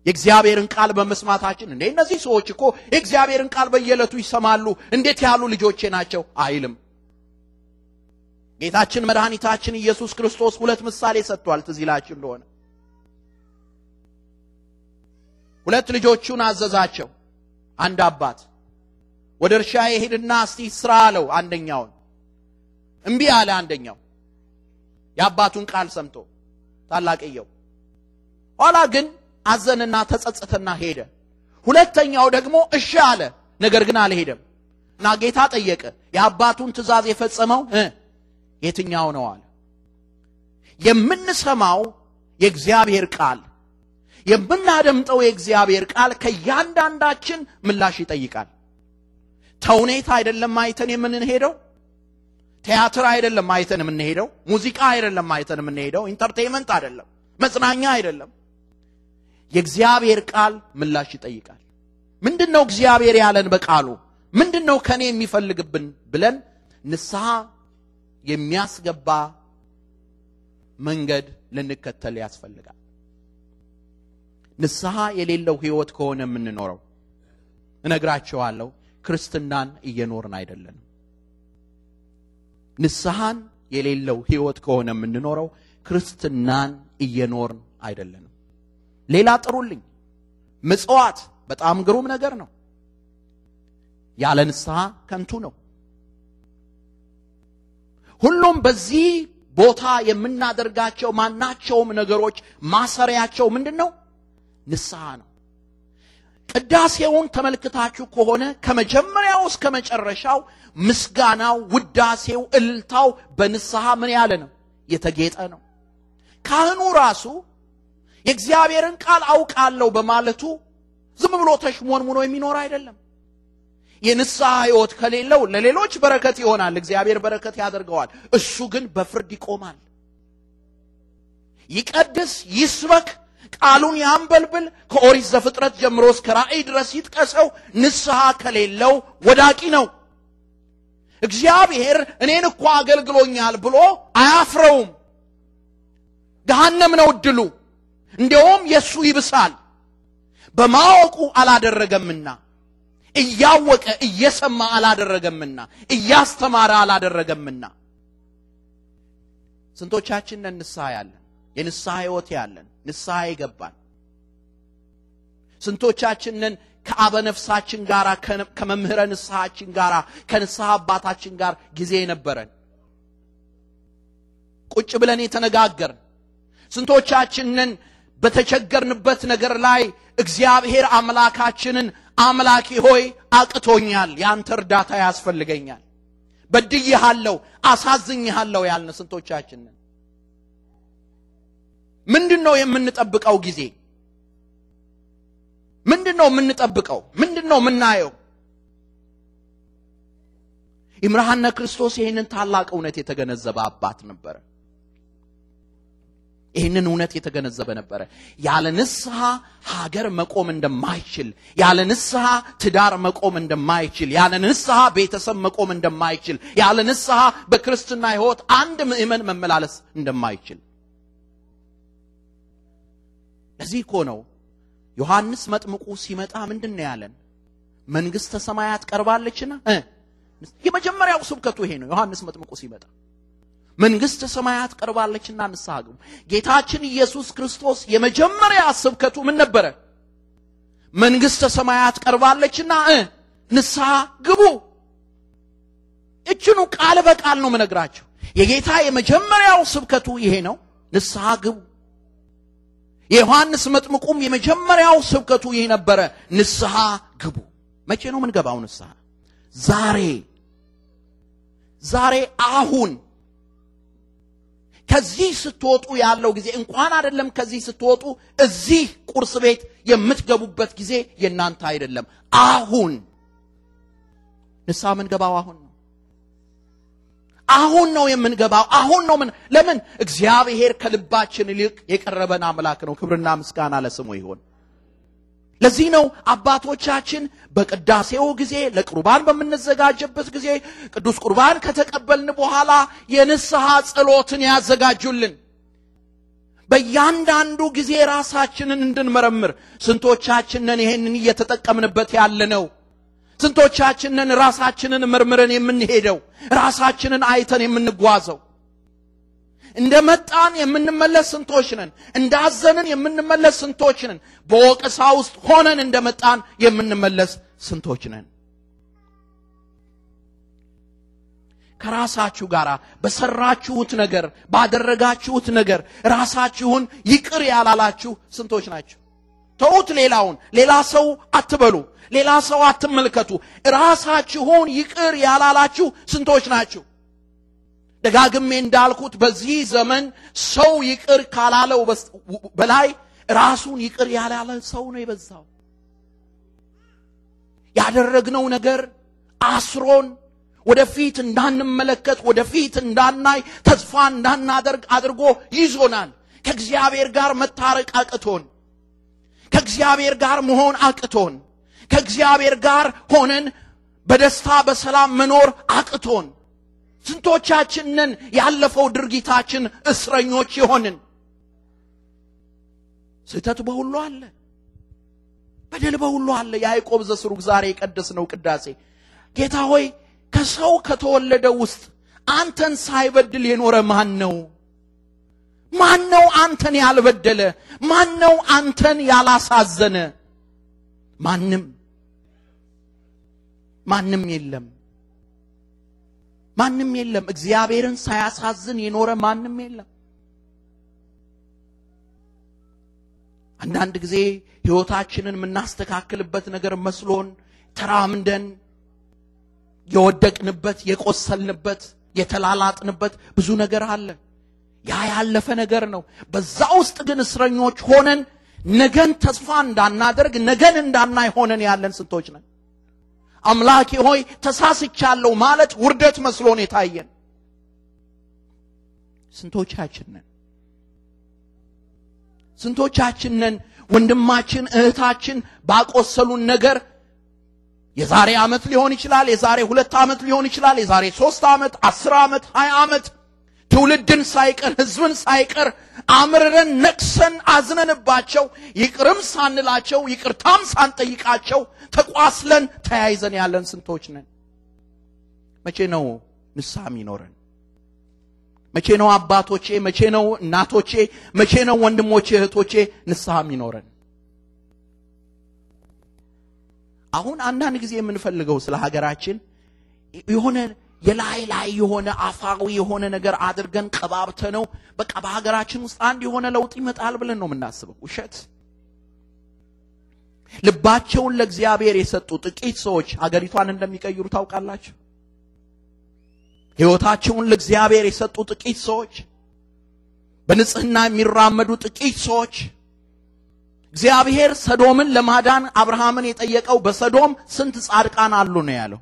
የእግዚአብሔርን ቃል በመስማታችን እንዴ እነዚህ ሰዎች እኮ የእግዚአብሔርን ቃል በየዕለቱ ይሰማሉ፣ እንዴት ያሉ ልጆቼ ናቸው አይልም። ጌታችን መድኃኒታችን ኢየሱስ ክርስቶስ ሁለት ምሳሌ ሰጥቷል። ትዝ ይላችሁ እንደሆነ ሁለት ልጆቹን አዘዛቸው። አንድ አባት ወደ እርሻ የሄድና እስቲ ስራ አለው አንደኛውን። እምቢ አለ አንደኛው የአባቱን ቃል ሰምቶ ታላቅየው። ኋላ ግን አዘንና ተጸጸተና ሄደ። ሁለተኛው ደግሞ እሺ አለ፣ ነገር ግን አልሄደም እና ጌታ ጠየቀ። የአባቱን ትእዛዝ የፈጸመው የትኛው ነው አለ። የምንሰማው የእግዚአብሔር ቃል የምናደምጠው የእግዚአብሔር ቃል ከእያንዳንዳችን ምላሽ ይጠይቃል። ተውኔት አይደለም አይተን የምንሄደው፣ ቲያትር አይደለም አይተን የምንሄደው፣ ሙዚቃ አይደለም አይተን የምንሄደው፣ ኢንተርቴንመንት አይደለም፣ መጽናኛ አይደለም። የእግዚአብሔር ቃል ምላሽ ይጠይቃል። ምንድን ነው እግዚአብሔር ያለን በቃሉ? ምንድን ነው ከእኔ የሚፈልግብን ብለን ንስሐ የሚያስገባ መንገድ ልንከተል ያስፈልጋል። ንስሐ የሌለው ህይወት ከሆነ የምንኖረው እነግራቸዋለሁ፣ ክርስትናን እየኖርን አይደለንም። ንስሐን የሌለው ህይወት ከሆነ የምንኖረው ክርስትናን እየኖርን አይደለንም። ሌላ ጥሩልኝ። ምጽዋት በጣም ግሩም ነገር ነው። ያለ ንስሐ ከንቱ ነው። ሁሉም በዚህ ቦታ የምናደርጋቸው ማናቸውም ነገሮች ማሰሪያቸው ምንድን ነው? ንስሐ ነው። ቅዳሴውን ተመልክታችሁ ከሆነ ከመጀመሪያው እስከ መጨረሻው ምስጋናው፣ ውዳሴው፣ እልልታው በንስሐ ምን ያለ ነው? የተጌጠ ነው። ካህኑ ራሱ የእግዚአብሔርን ቃል አውቃለሁ በማለቱ ዝም ብሎ ተሽሞንሙኖ የሚኖር አይደለም። የንስሐ ሕይወት ከሌለው ለሌሎች በረከት ይሆናል፣ እግዚአብሔር በረከት ያደርገዋል። እሱ ግን በፍርድ ይቆማል። ይቀድስ፣ ይስበክ ቃሉን ያንበልብል፣ ከኦሪት ዘፍጥረት ጀምሮ እስከ ራእይ ድረስ ይጥቀሰው፣ ንስሐ ከሌለው ወዳቂ ነው። እግዚአብሔር እኔን እኮ አገልግሎኛል ብሎ አያፍረውም። ገሃነም ነው እድሉ። እንዲያውም የእሱ ይብሳል። በማወቁ አላደረገምና እያወቀ እየሰማ አላደረገምና እያስተማረ አላደረገምና ስንቶቻችን ነን ንስሐ ያለን? የንስሐ ህይወት ያለን ንስሐ ይገባል። ስንቶቻችንን ከአበነፍሳችን ጋር ከመምህረ ንስሐችን ጋር ከንስሐ አባታችን ጋር ጊዜ የነበረን ቁጭ ብለን የተነጋገርን ስንቶቻችንን በተቸገርንበት ነገር ላይ እግዚአብሔር አምላካችንን አምላኬ ሆይ አቅቶኛል፣ ያንተ እርዳታ ያስፈልገኛል፣ በድይሃለሁ፣ አሳዝኝሃለሁ ያልን ስንቶቻችንን ምንድን ነው የምንጠብቀው ጊዜ? ምንድን ነው የምንጠብቀው? ምንድን ነው የምናየው? ይምርሃነ ክርስቶስ ይህንን ታላቅ እውነት የተገነዘበ አባት ነበረ። ይህንን እውነት የተገነዘበ ነበረ። ያለ ንስሐ ሀገር መቆም እንደማይችል፣ ያለ ንስሐ ትዳር መቆም እንደማይችል፣ ያለ ንስሐ ቤተሰብ መቆም እንደማይችል፣ ያለ ንስሐ በክርስትና ሕይወት አንድ ምእመን መመላለስ እንደማይችል እዚህ እኮ ነው ዮሐንስ መጥምቁ ሲመጣ ምንድን ነው ያለን? መንግስተ ሰማያት ቀርባለችና። የመጀመሪያው ስብከቱ ይሄ ነው። ዮሐንስ መጥምቁ ሲመጣ መንግስተ ሰማያት ቀርባለችና ንስሐ ግቡ። ጌታችን ኢየሱስ ክርስቶስ የመጀመሪያ ስብከቱ ምን ነበረ? መንግስተ ሰማያት ቀርባለችና ንስሐ ግቡ። እችኑ ቃል በቃል ነው መነግራቸው የጌታ የመጀመሪያው ስብከቱ ይሄ ነው፣ ንስሐ ግቡ። የዮሐንስ መጥምቁም የመጀመሪያው ስብከቱ ይህ ነበረ፣ ንስሐ ግቡ። መቼ ነው ምንገባው ንስሐ? ዛሬ ዛሬ አሁን ከዚህ ስትወጡ ያለው ጊዜ እንኳን አይደለም። ከዚህ ስትወጡ እዚህ ቁርስ ቤት የምትገቡበት ጊዜ የእናንተ አይደለም። አሁን ንስሐ ምንገባው አሁን አሁን ነው የምንገባው። አሁን ነው ምን ለምን እግዚአብሔር ከልባችን ይልቅ የቀረበን አምላክ ነው። ክብርና ምስጋና ለስሙ ይሁን። ለዚህ ነው አባቶቻችን በቅዳሴው ጊዜ ለቁርባን በምንዘጋጅበት ጊዜ ቅዱስ ቁርባን ከተቀበልን በኋላ የንስሐ ጸሎትን ያዘጋጁልን። በእያንዳንዱ ጊዜ ራሳችንን እንድንመረምር ስንቶቻችንን ይሄንን እየተጠቀምንበት ያለ ነው? ስንቶቻችንን ራሳችንን መርምረን የምንሄደው ራሳችንን አይተን የምንጓዘው እንደ መጣን የምንመለስ ስንቶች ነን? እንዳዘንን የምንመለስ ስንቶች ነን? በወቀሳ ውስጥ ሆነን እንደ መጣን የምንመለስ ስንቶች ነን? ከራሳችሁ ጋር በሰራችሁት ነገር፣ ባደረጋችሁት ነገር ራሳችሁን ይቅር ያላላችሁ ስንቶች ናችሁ? ተውት ሌላውን ሌላ ሰው አትበሉ ሌላ ሰው አትመልከቱ ራሳችሁን ይቅር ያላላችሁ ስንቶች ናችሁ ደጋግሜ እንዳልኩት በዚህ ዘመን ሰው ይቅር ካላለው በላይ ራሱን ይቅር ያላለ ሰው ነው የበዛው ያደረግነው ነገር አስሮን ወደፊት እንዳንመለከት ወደፊት እንዳናይ ተስፋ እንዳናደርግ አድርጎ ይዞናል ከእግዚአብሔር ጋር መታረቅ አቅቶን ከእግዚአብሔር ጋር መሆን አቅቶን ከእግዚአብሔር ጋር ሆነን በደስታ በሰላም መኖር አቅቶን ስንቶቻችንን ያለፈው ድርጊታችን እስረኞች የሆንን ስህተት በሁሉ አለ በደል በሁሉ አለ ያዕቆብ ዘስሩግ ዛሬ የቀደስ ነው ቅዳሴ ጌታ ሆይ ከሰው ከተወለደ ውስጥ አንተን ሳይበድል የኖረ ማን ነው ማን ነው አንተን ያልበደለ? ማን ነው አንተን ያላሳዘነ? ማንም ማንም የለም። ማንም የለም። እግዚአብሔርን ሳያሳዝን የኖረ ማንም የለም። አንዳንድ ጊዜ ሕይወታችንን የምናስተካክልበት ነገር መስሎን ተራምደን የወደቅንበት፣ የቆሰልንበት፣ የተላላጥንበት ብዙ ነገር አለ። ያ ያለፈ ነገር ነው። በዛ ውስጥ ግን እስረኞች ሆነን ነገን ተስፋ እንዳናደርግ ነገን እንዳናይ ሆነን ያለን ስንቶች ነን? አምላኬ ሆይ ተሳስቻለሁ ማለት ውርደት መስሎን የታየን ስንቶቻችን ነን? ስንቶቻችን ነን? ወንድማችን እህታችን ባቆሰሉን ነገር የዛሬ ዓመት ሊሆን ይችላል፣ የዛሬ ሁለት ዓመት ሊሆን ይችላል፣ የዛሬ ሶስት ዓመት፣ አስር ዓመት፣ ሀያ ዓመት ትውልድን ሳይቀር ህዝብን ሳይቀር አምርረን ነቅሰን አዝነንባቸው ይቅርም ሳንላቸው ይቅርታም ሳንጠይቃቸው ተቋስለን ተያይዘን ያለን ስንቶች ነን። መቼ ነው ንስሐ ሚኖረን መቼ ነው አባቶቼ፣ መቼ ነው እናቶቼ፣ መቼ ነው ወንድሞቼ፣ እህቶቼ ንስሐ ሚኖረን አሁን አንዳንድ ጊዜ የምንፈልገው ስለ ሀገራችን የሆነ የላይ ላይ የሆነ አፋዊ የሆነ ነገር አድርገን ቀባብተ ነው በቃ በሀገራችን ውስጥ አንድ የሆነ ለውጥ ይመጣል ብለን ነው የምናስበው። ውሸት። ልባቸውን ለእግዚአብሔር የሰጡ ጥቂት ሰዎች ሀገሪቷን እንደሚቀይሩ ታውቃላችሁ። ህይወታቸውን ለእግዚአብሔር የሰጡ ጥቂት ሰዎች፣ በንጽህና የሚራመዱ ጥቂት ሰዎች እግዚአብሔር ሰዶምን ለማዳን አብርሃምን የጠየቀው በሰዶም ስንት ጻድቃን አሉ ነው ያለው።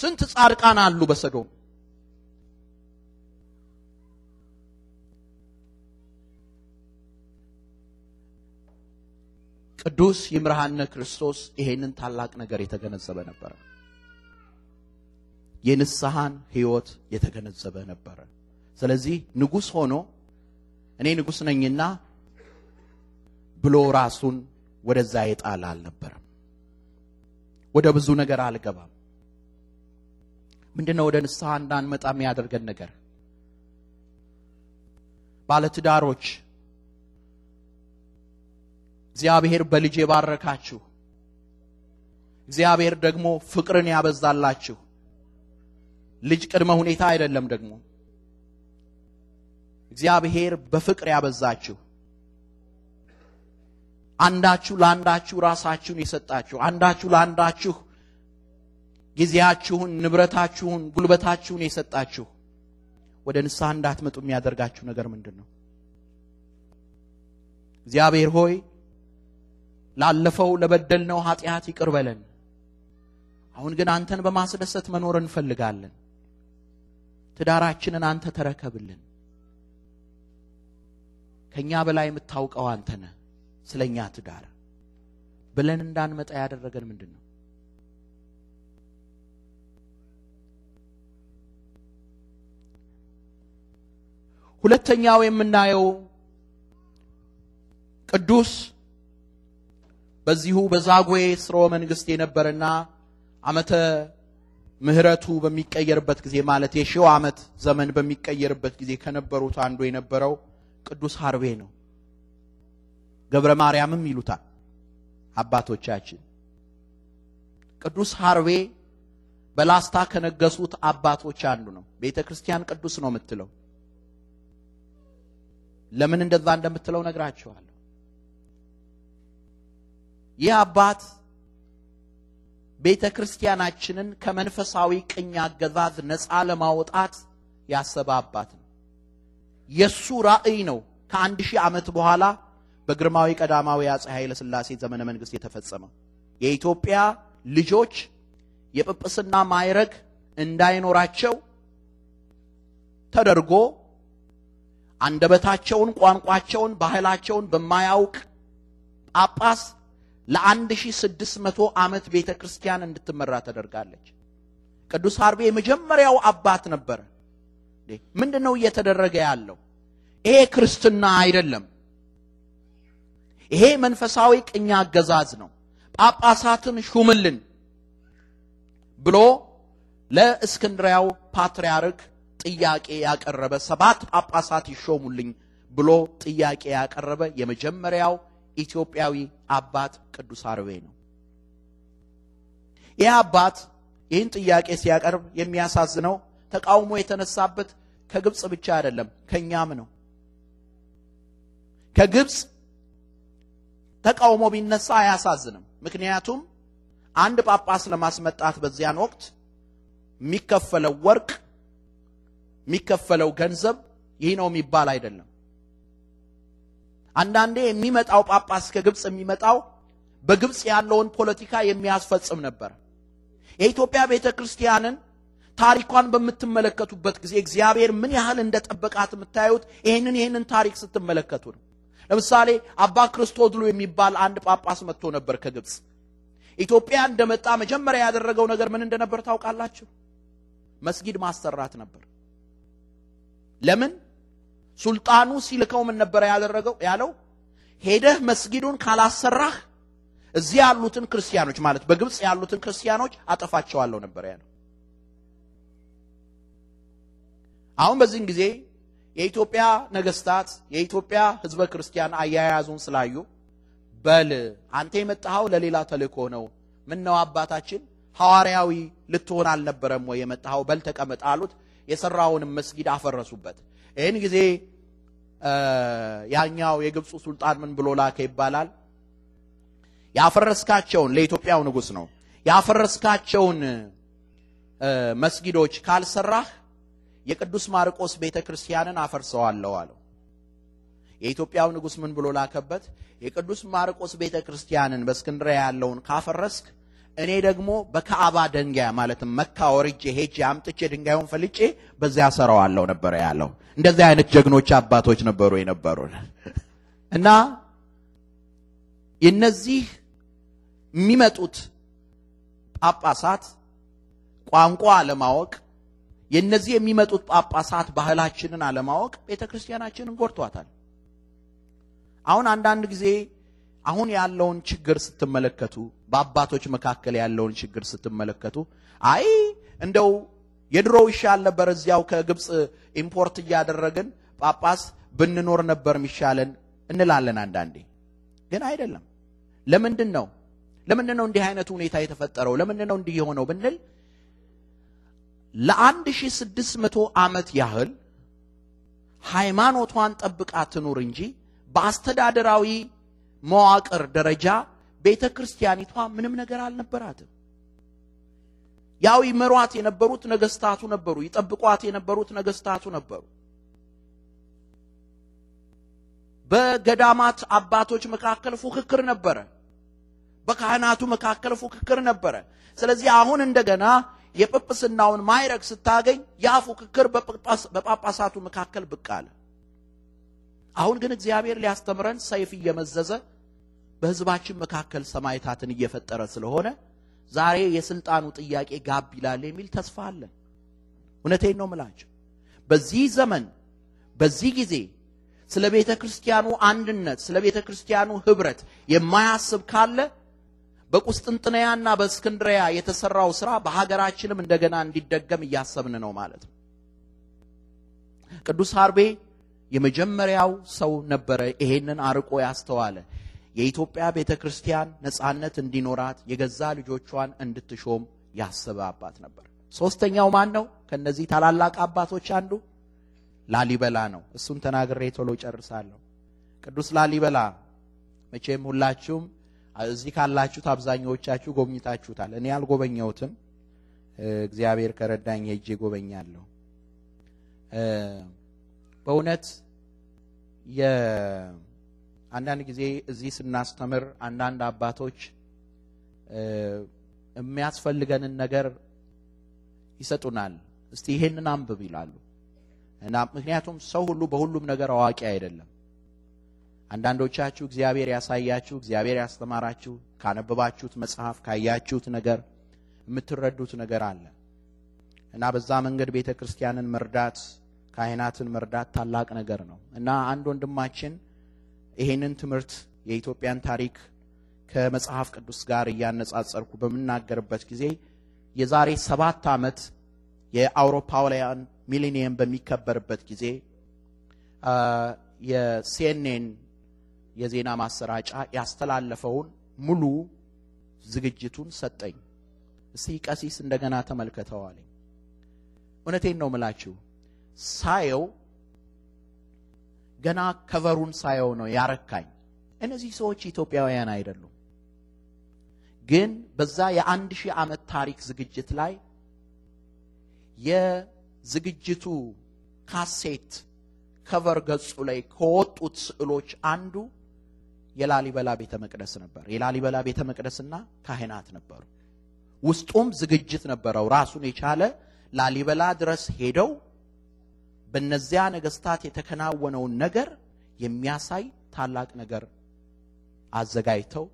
ስንት ጻድቃን አሉ በሰዶም ቅዱስ ይምርሃነ ክርስቶስ ይሄንን ታላቅ ነገር የተገነዘበ ነበረ። የንስሐን ህይወት የተገነዘበ ነበረ። ስለዚህ ንጉስ ሆኖ እኔ ንጉስ ነኝና ብሎ ራሱን ወደዛ የጣል አልነበረም። ወደ ብዙ ነገር አልገባም። ምንድነው ወደ ንስሐ እንዳንመጣ የሚያደርገን ነገር? ባለትዳሮች እግዚአብሔር በልጅ የባረካችሁ እግዚአብሔር ደግሞ ፍቅርን ያበዛላችሁ ልጅ ቅድመ ሁኔታ አይደለም። ደግሞ እግዚአብሔር በፍቅር ያበዛችሁ አንዳችሁ ለአንዳችሁ ራሳችሁን የሰጣችሁ አንዳችሁ ለአንዳችሁ ጊዜያችሁን፣ ንብረታችሁን፣ ጉልበታችሁን የሰጣችሁ ወደ ንስሐ እንዳትመጡ የሚያደርጋችሁ ነገር ምንድን ነው? እግዚአብሔር ሆይ ላለፈው ለበደልነው ኃጢአት ይቅር በለን። አሁን ግን አንተን በማስደሰት መኖር እንፈልጋለን። ትዳራችንን አንተ ተረከብልን። ከኛ በላይ የምታውቀው አንተ ነህ ስለኛ ትዳር ብለን እንዳንመጣ ያደረገን ምንድን ነው? ሁለተኛው የምናየው ቅዱስ በዚሁ በዛጉዌ ስርወ መንግስት የነበረና አመተ ምህረቱ በሚቀየርበት ጊዜ ማለት የሺው ዓመት ዘመን በሚቀየርበት ጊዜ ከነበሩት አንዱ የነበረው ቅዱስ ሀርቤ ነው። ገብረ ማርያምም ይሉታል አባቶቻችን። ቅዱስ ሀርቤ በላስታ ከነገሱት አባቶች አንዱ ነው። ቤተ ክርስቲያን ቅዱስ ነው የምትለው ለምን እንደዛ እንደምትለው ነግራችኋለሁ። ይህ አባት ቤተ ክርስቲያናችንን ከመንፈሳዊ ቅኝ አገዛዝ ነፃ ለማውጣት ያሰበ አባት ነው። የእሱ ራዕይ ነው ከአንድ ሺህ ዓመት በኋላ በግርማዊ ቀዳማዊ አጼ ኃይለ ሥላሴ ዘመነ መንግሥት የተፈጸመው የኢትዮጵያ ልጆች የጵጵስና ማይረግ እንዳይኖራቸው ተደርጎ አንደበታቸውን፣ ቋንቋቸውን፣ ባህላቸውን በማያውቅ ጳጳስ ለ1600 ዓመት ቤተ ክርስቲያን እንድትመራ ተደርጋለች። ቅዱስ አርቤ የመጀመሪያው አባት ነበረ። ምንድን ነው እየተደረገ ያለው? ይሄ ክርስትና አይደለም። ይሄ መንፈሳዊ ቅኝ አገዛዝ ነው። ጳጳሳትን ሹምልን ብሎ ለእስክንድሪያው ፓትርያርክ ጥያቄ ያቀረበ ሰባት ጳጳሳት ይሾሙልኝ ብሎ ጥያቄ ያቀረበ የመጀመሪያው ኢትዮጵያዊ አባት ቅዱስ አርዌ ነው። ይህ አባት ይህን ጥያቄ ሲያቀርብ የሚያሳዝነው ተቃውሞ የተነሳበት ከግብፅ ብቻ አይደለም፣ ከእኛም ነው። ከግብፅ ተቃውሞ ቢነሳ አያሳዝንም። ምክንያቱም አንድ ጳጳስ ለማስመጣት በዚያን ወቅት የሚከፈለው ወርቅ የሚከፈለው ገንዘብ ይህ ነው የሚባል አይደለም። አንዳንዴ የሚመጣው ጳጳስ ከግብፅ የሚመጣው በግብፅ ያለውን ፖለቲካ የሚያስፈጽም ነበር። የኢትዮጵያ ቤተ ክርስቲያንን ታሪኳን በምትመለከቱበት ጊዜ እግዚአብሔር ምን ያህል እንደጠበቃት የምታዩት ይህንን ይህንን ታሪክ ስትመለከቱ ነው። ለምሳሌ አባ ክርስቶድሉ የሚባል አንድ ጳጳስ መጥቶ ነበር ከግብፅ። ኢትዮጵያ እንደመጣ መጀመሪያ ያደረገው ነገር ምን እንደነበር ታውቃላችሁ? መስጊድ ማሰራት ነበር። ለምን ሱልጣኑ ሲልከው ምን ነበረ ያደረገው ያለው ሄደህ መስጊዱን ካላሰራህ እዚህ ያሉትን ክርስቲያኖች ማለት በግብፅ ያሉትን ክርስቲያኖች አጠፋቸዋለሁ ነበር ያለው አሁን በዚህን ጊዜ የኢትዮጵያ ነገስታት የኢትዮጵያ ህዝበ ክርስቲያን አያያዙን ስላዩ በል አንተ የመጣኸው ለሌላ ተልእኮ ነው ምን ነው አባታችን ሐዋርያዊ ልትሆን አልነበረም ወይ የመጣኸው በል ተቀመጥ አሉት የሰራውንም መስጊድ አፈረሱበት። ይህን ጊዜ ያኛው የግብፁ ሱልጣን ምን ብሎ ላከ ይባላል። ያፈረስካቸውን ለኢትዮጵያው ንጉሥ ነው ያፈረስካቸውን መስጊዶች ካልሰራህ የቅዱስ ማርቆስ ቤተ ክርስቲያንን አፈርሰዋለሁ አለው። የኢትዮጵያው ንጉሥ ምን ብሎ ላከበት? የቅዱስ ማርቆስ ቤተ ክርስቲያንን በእስክንድሪያ ያለውን ካፈረስክ እኔ ደግሞ በካዕባ ድንጋይ ማለትም መካ ወርጄ ሄጄ አምጥቼ ድንጋዩን ፈልጬ በዚያ ሰራዋለሁ ነበር ያለው። እንደዚህ አይነት ጀግኖች አባቶች ነበሩ የነበሩ እና የነዚህ የሚመጡት ጳጳሳት ቋንቋ አለማወቅ፣ የነዚህ የሚመጡት ጳጳሳት ባህላችንን አለማወቅ ቤተ ክርስቲያናችንን ጎድቷታል። አሁን አንዳንድ ጊዜ አሁን ያለውን ችግር ስትመለከቱ፣ በአባቶች መካከል ያለውን ችግር ስትመለከቱ፣ አይ እንደው የድሮው ይሻል ነበር እዚያው ከግብፅ ኢምፖርት እያደረግን ጳጳስ ብንኖር ነበር የሚሻለን እንላለን አንዳንዴ። ግን አይደለም። ለምንድን ነው ለምንድን ነው እንዲህ አይነቱ ሁኔታ የተፈጠረው? ለምንድን ነው እንዲህ የሆነው ብንል ለአንድ ሺህ ስድስት መቶ ዓመት ያህል ሃይማኖቷን ጠብቃ ትኑር እንጂ በአስተዳደራዊ መዋቅር ደረጃ ቤተ ክርስቲያኒቷ ምንም ነገር አልነበራትም። ያው ይመሯት የነበሩት ነገስታቱ ነበሩ፣ ይጠብቋት የነበሩት ነገስታቱ ነበሩ። በገዳማት አባቶች መካከል ፉክክር ነበረ። በካህናቱ መካከል ፉክክር ነበረ። ስለዚህ አሁን እንደገና የጵጵስናውን ማይረግ ስታገኝ ያ ፉክክር በጳጳሳቱ መካከል ብቅ አለ። አሁን ግን እግዚአብሔር ሊያስተምረን ሰይፍ እየመዘዘ በህዝባችን መካከል ሰማይታትን እየፈጠረ ስለሆነ ዛሬ የስልጣኑ ጥያቄ ጋብ ይላል የሚል ተስፋ አለን። እውነቴን ነው ምላቸው። በዚህ ዘመን በዚህ ጊዜ ስለ ቤተ ክርስቲያኑ አንድነት፣ ስለ ቤተ ክርስቲያኑ ህብረት የማያስብ ካለ በቁስጥንጥንያና በእስክንድሪያ የተሰራው ስራ በሀገራችንም እንደገና እንዲደገም እያሰብን ነው ማለት ነው። ቅዱስ አርቤ የመጀመሪያው ሰው ነበረ፣ ይሄንን አርቆ ያስተዋለ የኢትዮጵያ ቤተ ክርስቲያን ነጻነት እንዲኖራት የገዛ ልጆቿን እንድትሾም ያሰበ አባት ነበር። ሶስተኛው ማን ነው? ከነዚህ ታላላቅ አባቶች አንዱ ላሊበላ ነው። እሱን ተናግሬ ቶሎ ጨርሳለሁ። ቅዱስ ላሊበላ መቼም ሁላችሁም እዚህ ካላችሁት አብዛኛዎቻችሁ ጎብኝታችሁታል። እኔ ያልጎበኘሁትም? እግዚአብሔር ከረዳኝ ሄጄ ጎበኛለሁ። በእውነት አንዳንድ ጊዜ እዚህ ስናስተምር አንዳንድ አባቶች የሚያስፈልገንን ነገር ይሰጡናል። እስቲ ይሄንን አንብብ ይላሉ እና ምክንያቱም ሰው ሁሉ በሁሉም ነገር አዋቂ አይደለም። አንዳንዶቻችሁ እግዚአብሔር ያሳያችሁ፣ እግዚአብሔር ያስተማራችሁ፣ ካነበባችሁት መጽሐፍ፣ ካያችሁት ነገር የምትረዱት ነገር አለ እና በዛ መንገድ ቤተ ክርስቲያንን መርዳት፣ ካህናትን መርዳት ታላቅ ነገር ነው እና አንድ ወንድማችን ይሄንን ትምህርት የኢትዮጵያን ታሪክ ከመጽሐፍ ቅዱስ ጋር እያነጻጸርኩ በምናገርበት ጊዜ የዛሬ ሰባት ዓመት የአውሮፓውያን ሚሊኒየም በሚከበርበት ጊዜ የሲኤንኤን የዜና ማሰራጫ ያስተላለፈውን ሙሉ ዝግጅቱን ሰጠኝ። እስቲ ቀሲስ እንደገና ተመልከተዋለኝ። እውነቴን ነው ምላችሁ ሳየው ገና ከቨሩን ሳየው ነው ያረካኝ። እነዚህ ሰዎች ኢትዮጵያውያን አይደሉም፣ ግን በዛ የአንድ ሺህ ዓመት ታሪክ ዝግጅት ላይ የዝግጅቱ ካሴት ከቨር ገጹ ላይ ከወጡት ስዕሎች አንዱ የላሊበላ ቤተ መቅደስ ነበር። የላሊበላ ቤተ መቅደስና ካህናት ነበሩ። ውስጡም ዝግጅት ነበረው ራሱን የቻለ ላሊበላ ድረስ ሄደው በእነዚያ ነገስታት የተከናወነውን ነገር የሚያሳይ ታላቅ ነገር አዘጋጅተው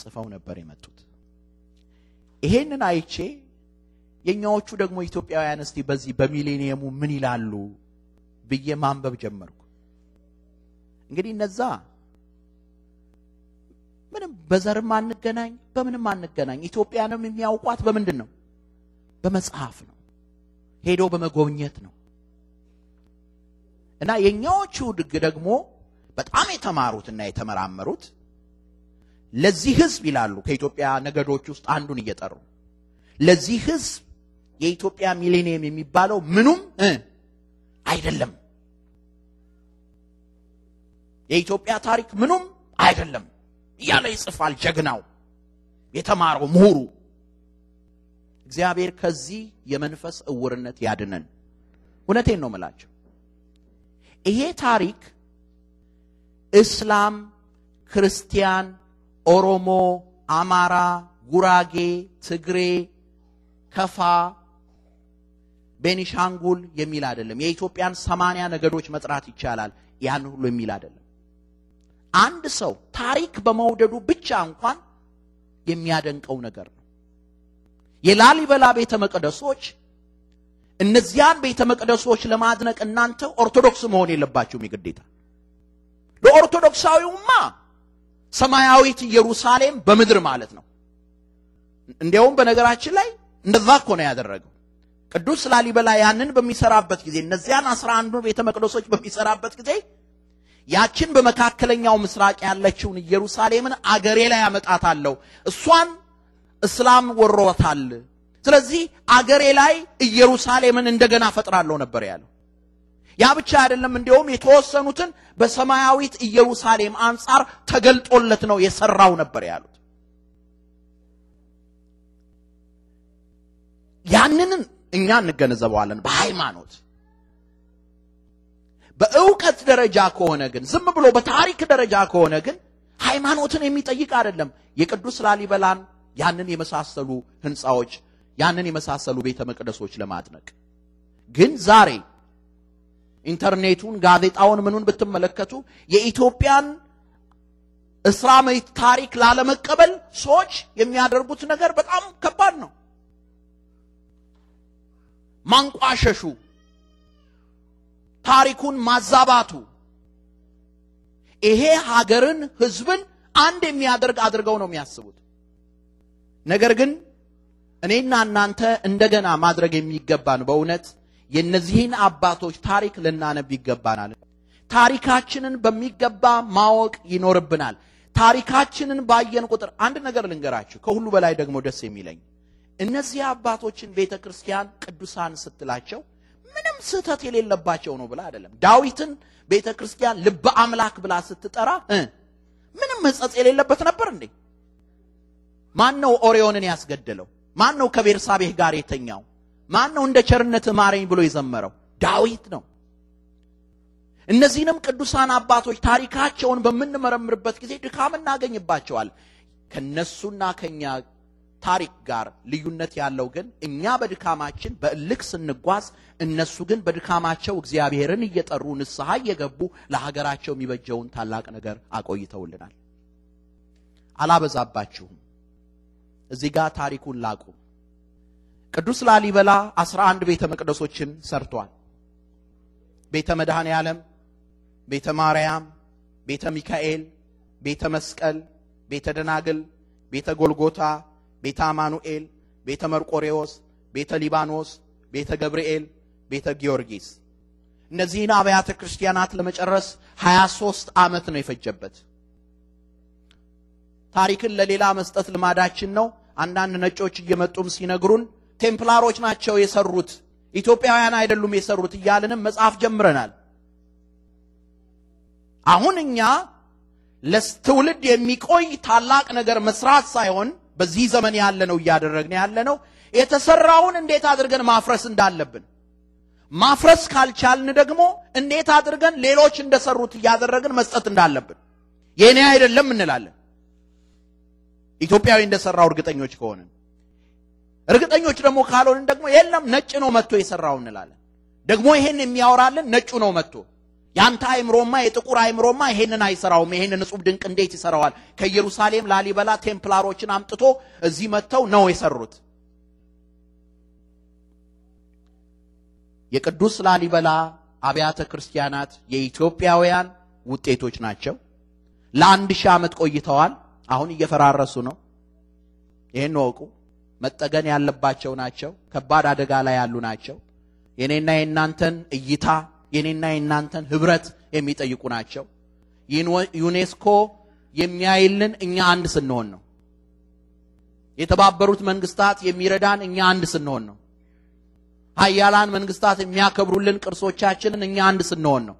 ጽፈው ነበር የመጡት። ይሄንን አይቼ የእኛዎቹ ደግሞ ኢትዮጵያውያን እስቲ በዚህ በሚሌኒየሙ ምን ይላሉ ብዬ ማንበብ ጀመርኩ። እንግዲህ እነዛ ምንም በዘርም አንገናኝ፣ በምንም አንገናኝ። ኢትዮጵያንም የሚያውቋት በምንድን ነው? በመጽሐፍ ነው፣ ሄዶ በመጎብኘት ነው። እና የእኛዎቹ ድግ ደግሞ በጣም የተማሩትና የተመራመሩት ለዚህ ህዝብ ይላሉ ከኢትዮጵያ ነገዶች ውስጥ አንዱን እየጠሩ ለዚህ ህዝብ የኢትዮጵያ ሚሌኒየም የሚባለው ምኑም አይደለም የኢትዮጵያ ታሪክ ምኑም አይደለም እያለ ይጽፋል ጀግናው የተማረው ምሁሩ እግዚአብሔር ከዚህ የመንፈስ እውርነት ያድነን እውነቴን ነው ምላቸው ይሄ ታሪክ እስላም፣ ክርስቲያን፣ ኦሮሞ፣ አማራ፣ ጉራጌ፣ ትግሬ፣ ከፋ፣ ቤኒሻንጉል የሚል አይደለም። የኢትዮጵያን ሰማንያ ነገዶች መጥራት ይቻላል። ያን ሁሉ የሚል አይደለም። አንድ ሰው ታሪክ በመውደዱ ብቻ እንኳን የሚያደንቀው ነገር ነው። የላሊበላ ቤተ መቅደሶች እነዚያን ቤተ መቅደሶች ለማድነቅ እናንተ ኦርቶዶክስ መሆን የለባችሁም የግዴታ ለኦርቶዶክሳዊውማ ሰማያዊት ኢየሩሳሌም በምድር ማለት ነው እንዲያውም በነገራችን ላይ እንደዛ እኮ ነው ያደረገው ቅዱስ ላሊበላ ያንን በሚሰራበት ጊዜ እነዚያን አስራ አንዱ ቤተ መቅደሶች በሚሰራበት ጊዜ ያችን በመካከለኛው ምስራቅ ያለችውን ኢየሩሳሌምን አገሬ ላይ ያመጣታለሁ እሷን እስላም ወሮታል ስለዚህ አገሬ ላይ ኢየሩሳሌምን እንደገና ፈጥራለሁ ነበር ያለው። ያ ብቻ አይደለም፣ እንዲሁም የተወሰኑትን በሰማያዊት ኢየሩሳሌም አንጻር ተገልጦለት ነው የሰራው ነበር ያሉት። ያንንን እኛ እንገነዘበዋለን በሃይማኖት በእውቀት ደረጃ ከሆነ ግን ዝም ብሎ በታሪክ ደረጃ ከሆነ ግን ሃይማኖትን የሚጠይቅ አይደለም። የቅዱስ ላሊበላን ያንን የመሳሰሉ ህንፃዎች ያንን የመሳሰሉ ቤተ መቅደሶች ለማድነቅ ግን ዛሬ ኢንተርኔቱን ጋዜጣውን ምኑን ብትመለከቱ የኢትዮጵያን እስላማዊ ታሪክ ላለመቀበል ሰዎች የሚያደርጉት ነገር በጣም ከባድ ነው። ማንቋሸሹ፣ ታሪኩን ማዛባቱ ይሄ ሀገርን፣ ህዝብን አንድ የሚያደርግ አድርገው ነው የሚያስቡት። ነገር ግን እኔና እናንተ እንደገና ማድረግ የሚገባን በእውነት የእነዚህን አባቶች ታሪክ ልናነብ ይገባናል። ታሪካችንን በሚገባ ማወቅ ይኖርብናል። ታሪካችንን ባየን ቁጥር አንድ ነገር ልንገራችሁ፣ ከሁሉ በላይ ደግሞ ደስ የሚለኝ እነዚህ አባቶችን ቤተ ክርስቲያን ቅዱሳን ስትላቸው ምንም ስህተት የሌለባቸው ነው ብላ አይደለም። ዳዊትን ቤተ ክርስቲያን ልበ አምላክ ብላ ስትጠራ ምንም ሕጸጽ የሌለበት ነበር እንዴ? ማን ነው ኦሪዮንን ያስገደለው? ማን ነው ከቤርሳቤህ ጋር የተኛው? ማን ነው እንደ ቸርነት ማረኝ ብሎ የዘመረው? ዳዊት ነው። እነዚህንም ቅዱሳን አባቶች ታሪካቸውን በምንመረምርበት ጊዜ ድካም እናገኝባቸዋል። ከነሱና ከኛ ታሪክ ጋር ልዩነት ያለው ግን እኛ በድካማችን በእልክ ስንጓዝ፣ እነሱ ግን በድካማቸው እግዚአብሔርን እየጠሩ ንስሐ እየገቡ ለሀገራቸው የሚበጀውን ታላቅ ነገር አቆይተውልናል። አላበዛባችሁም። እዚህ ጋር ታሪኩን ላቁ። ቅዱስ ላሊበላ 11 ቤተ መቅደሶችን ሰርቷል። ቤተ መድኃኔ ዓለም፣ ቤተ ማርያም፣ ቤተ ሚካኤል፣ ቤተ መስቀል፣ ቤተ ደናግል፣ ቤተ ጎልጎታ፣ ቤተ አማኑኤል፣ ቤተ መርቆሬዎስ፣ ቤተ ሊባኖስ፣ ቤተ ገብርኤል፣ ቤተ ጊዮርጊስ እነዚህን አብያተ ክርስቲያናት ለመጨረስ 23 ዓመት ነው የፈጀበት። ታሪክን ለሌላ መስጠት ልማዳችን ነው። አንዳንድ ነጮች እየመጡም ሲነግሩን ቴምፕላሮች ናቸው የሰሩት፣ ኢትዮጵያውያን አይደሉም የሰሩት እያልንም መጽሐፍ ጀምረናል። አሁን እኛ ለትውልድ የሚቆይ ታላቅ ነገር መስራት ሳይሆን በዚህ ዘመን ያለነው እያደረግን ያለነው የተሰራውን እንዴት አድርገን ማፍረስ እንዳለብን ማፍረስ ካልቻልን ደግሞ እንዴት አድርገን ሌሎች እንደሰሩት እያደረግን መስጠት እንዳለብን የእኔ አይደለም እንላለን። ኢትዮጵያዊ እንደሰራው እርግጠኞች ከሆነ እርግጠኞች ደግሞ ካልሆንን ደግሞ የለም ነጭ ነው መጥቶ የሰራው እንላለን። ደግሞ ይሄን የሚያወራልን ነጩ ነው መጥቶ ያንተ አይምሮማ የጥቁር አይምሮማ ይሄንን አይሰራውም። ይሄንን እጹብ ድንቅ እንዴት ይሰራዋል? ከኢየሩሳሌም ላሊበላ ቴምፕላሮችን አምጥቶ እዚህ መጥተው ነው የሰሩት። የቅዱስ ላሊበላ አብያተ ክርስቲያናት የኢትዮጵያውያን ውጤቶች ናቸው። ለአንድ ሺህ ዓመት ቆይተዋል። አሁን እየፈራረሱ ነው። ይህን ወቁ። መጠገን ያለባቸው ናቸው። ከባድ አደጋ ላይ ያሉ ናቸው። የኔና የእናንተን እይታ የኔና የእናንተን ህብረት የሚጠይቁ ናቸው። ዩኔስኮ የሚያይልን እኛ አንድ ስንሆን ነው። የተባበሩት መንግስታት የሚረዳን እኛ አንድ ስንሆን ነው። ሀያላን መንግስታት የሚያከብሩልን ቅርሶቻችንን እኛ አንድ ስንሆን ነው።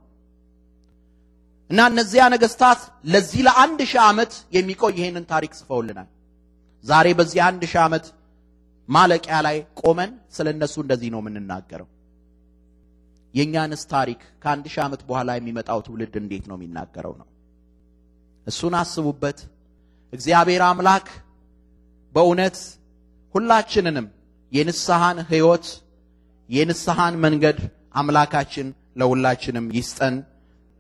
እና እነዚያ ነገስታት ለዚህ ለአንድ ሺህ ዓመት የሚቆይ ይህንን ታሪክ ጽፈውልናል። ዛሬ በዚህ አንድ ሺህ ዓመት ማለቂያ ላይ ቆመን ስለ እነሱ እንደዚህ ነው የምንናገረው። የእኛንስ ታሪክ ከአንድ ሺህ ዓመት በኋላ የሚመጣው ትውልድ እንዴት ነው የሚናገረው ነው? እሱን አስቡበት። እግዚአብሔር አምላክ በእውነት ሁላችንንም የንስሐን ሕይወት የንስሐን መንገድ አምላካችን ለሁላችንም ይስጠን።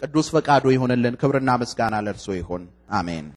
ቅዱስ ፈቃዱ ይሆንልን። ክብርና ምስጋና ለእርሱ ይሁን። አሜን።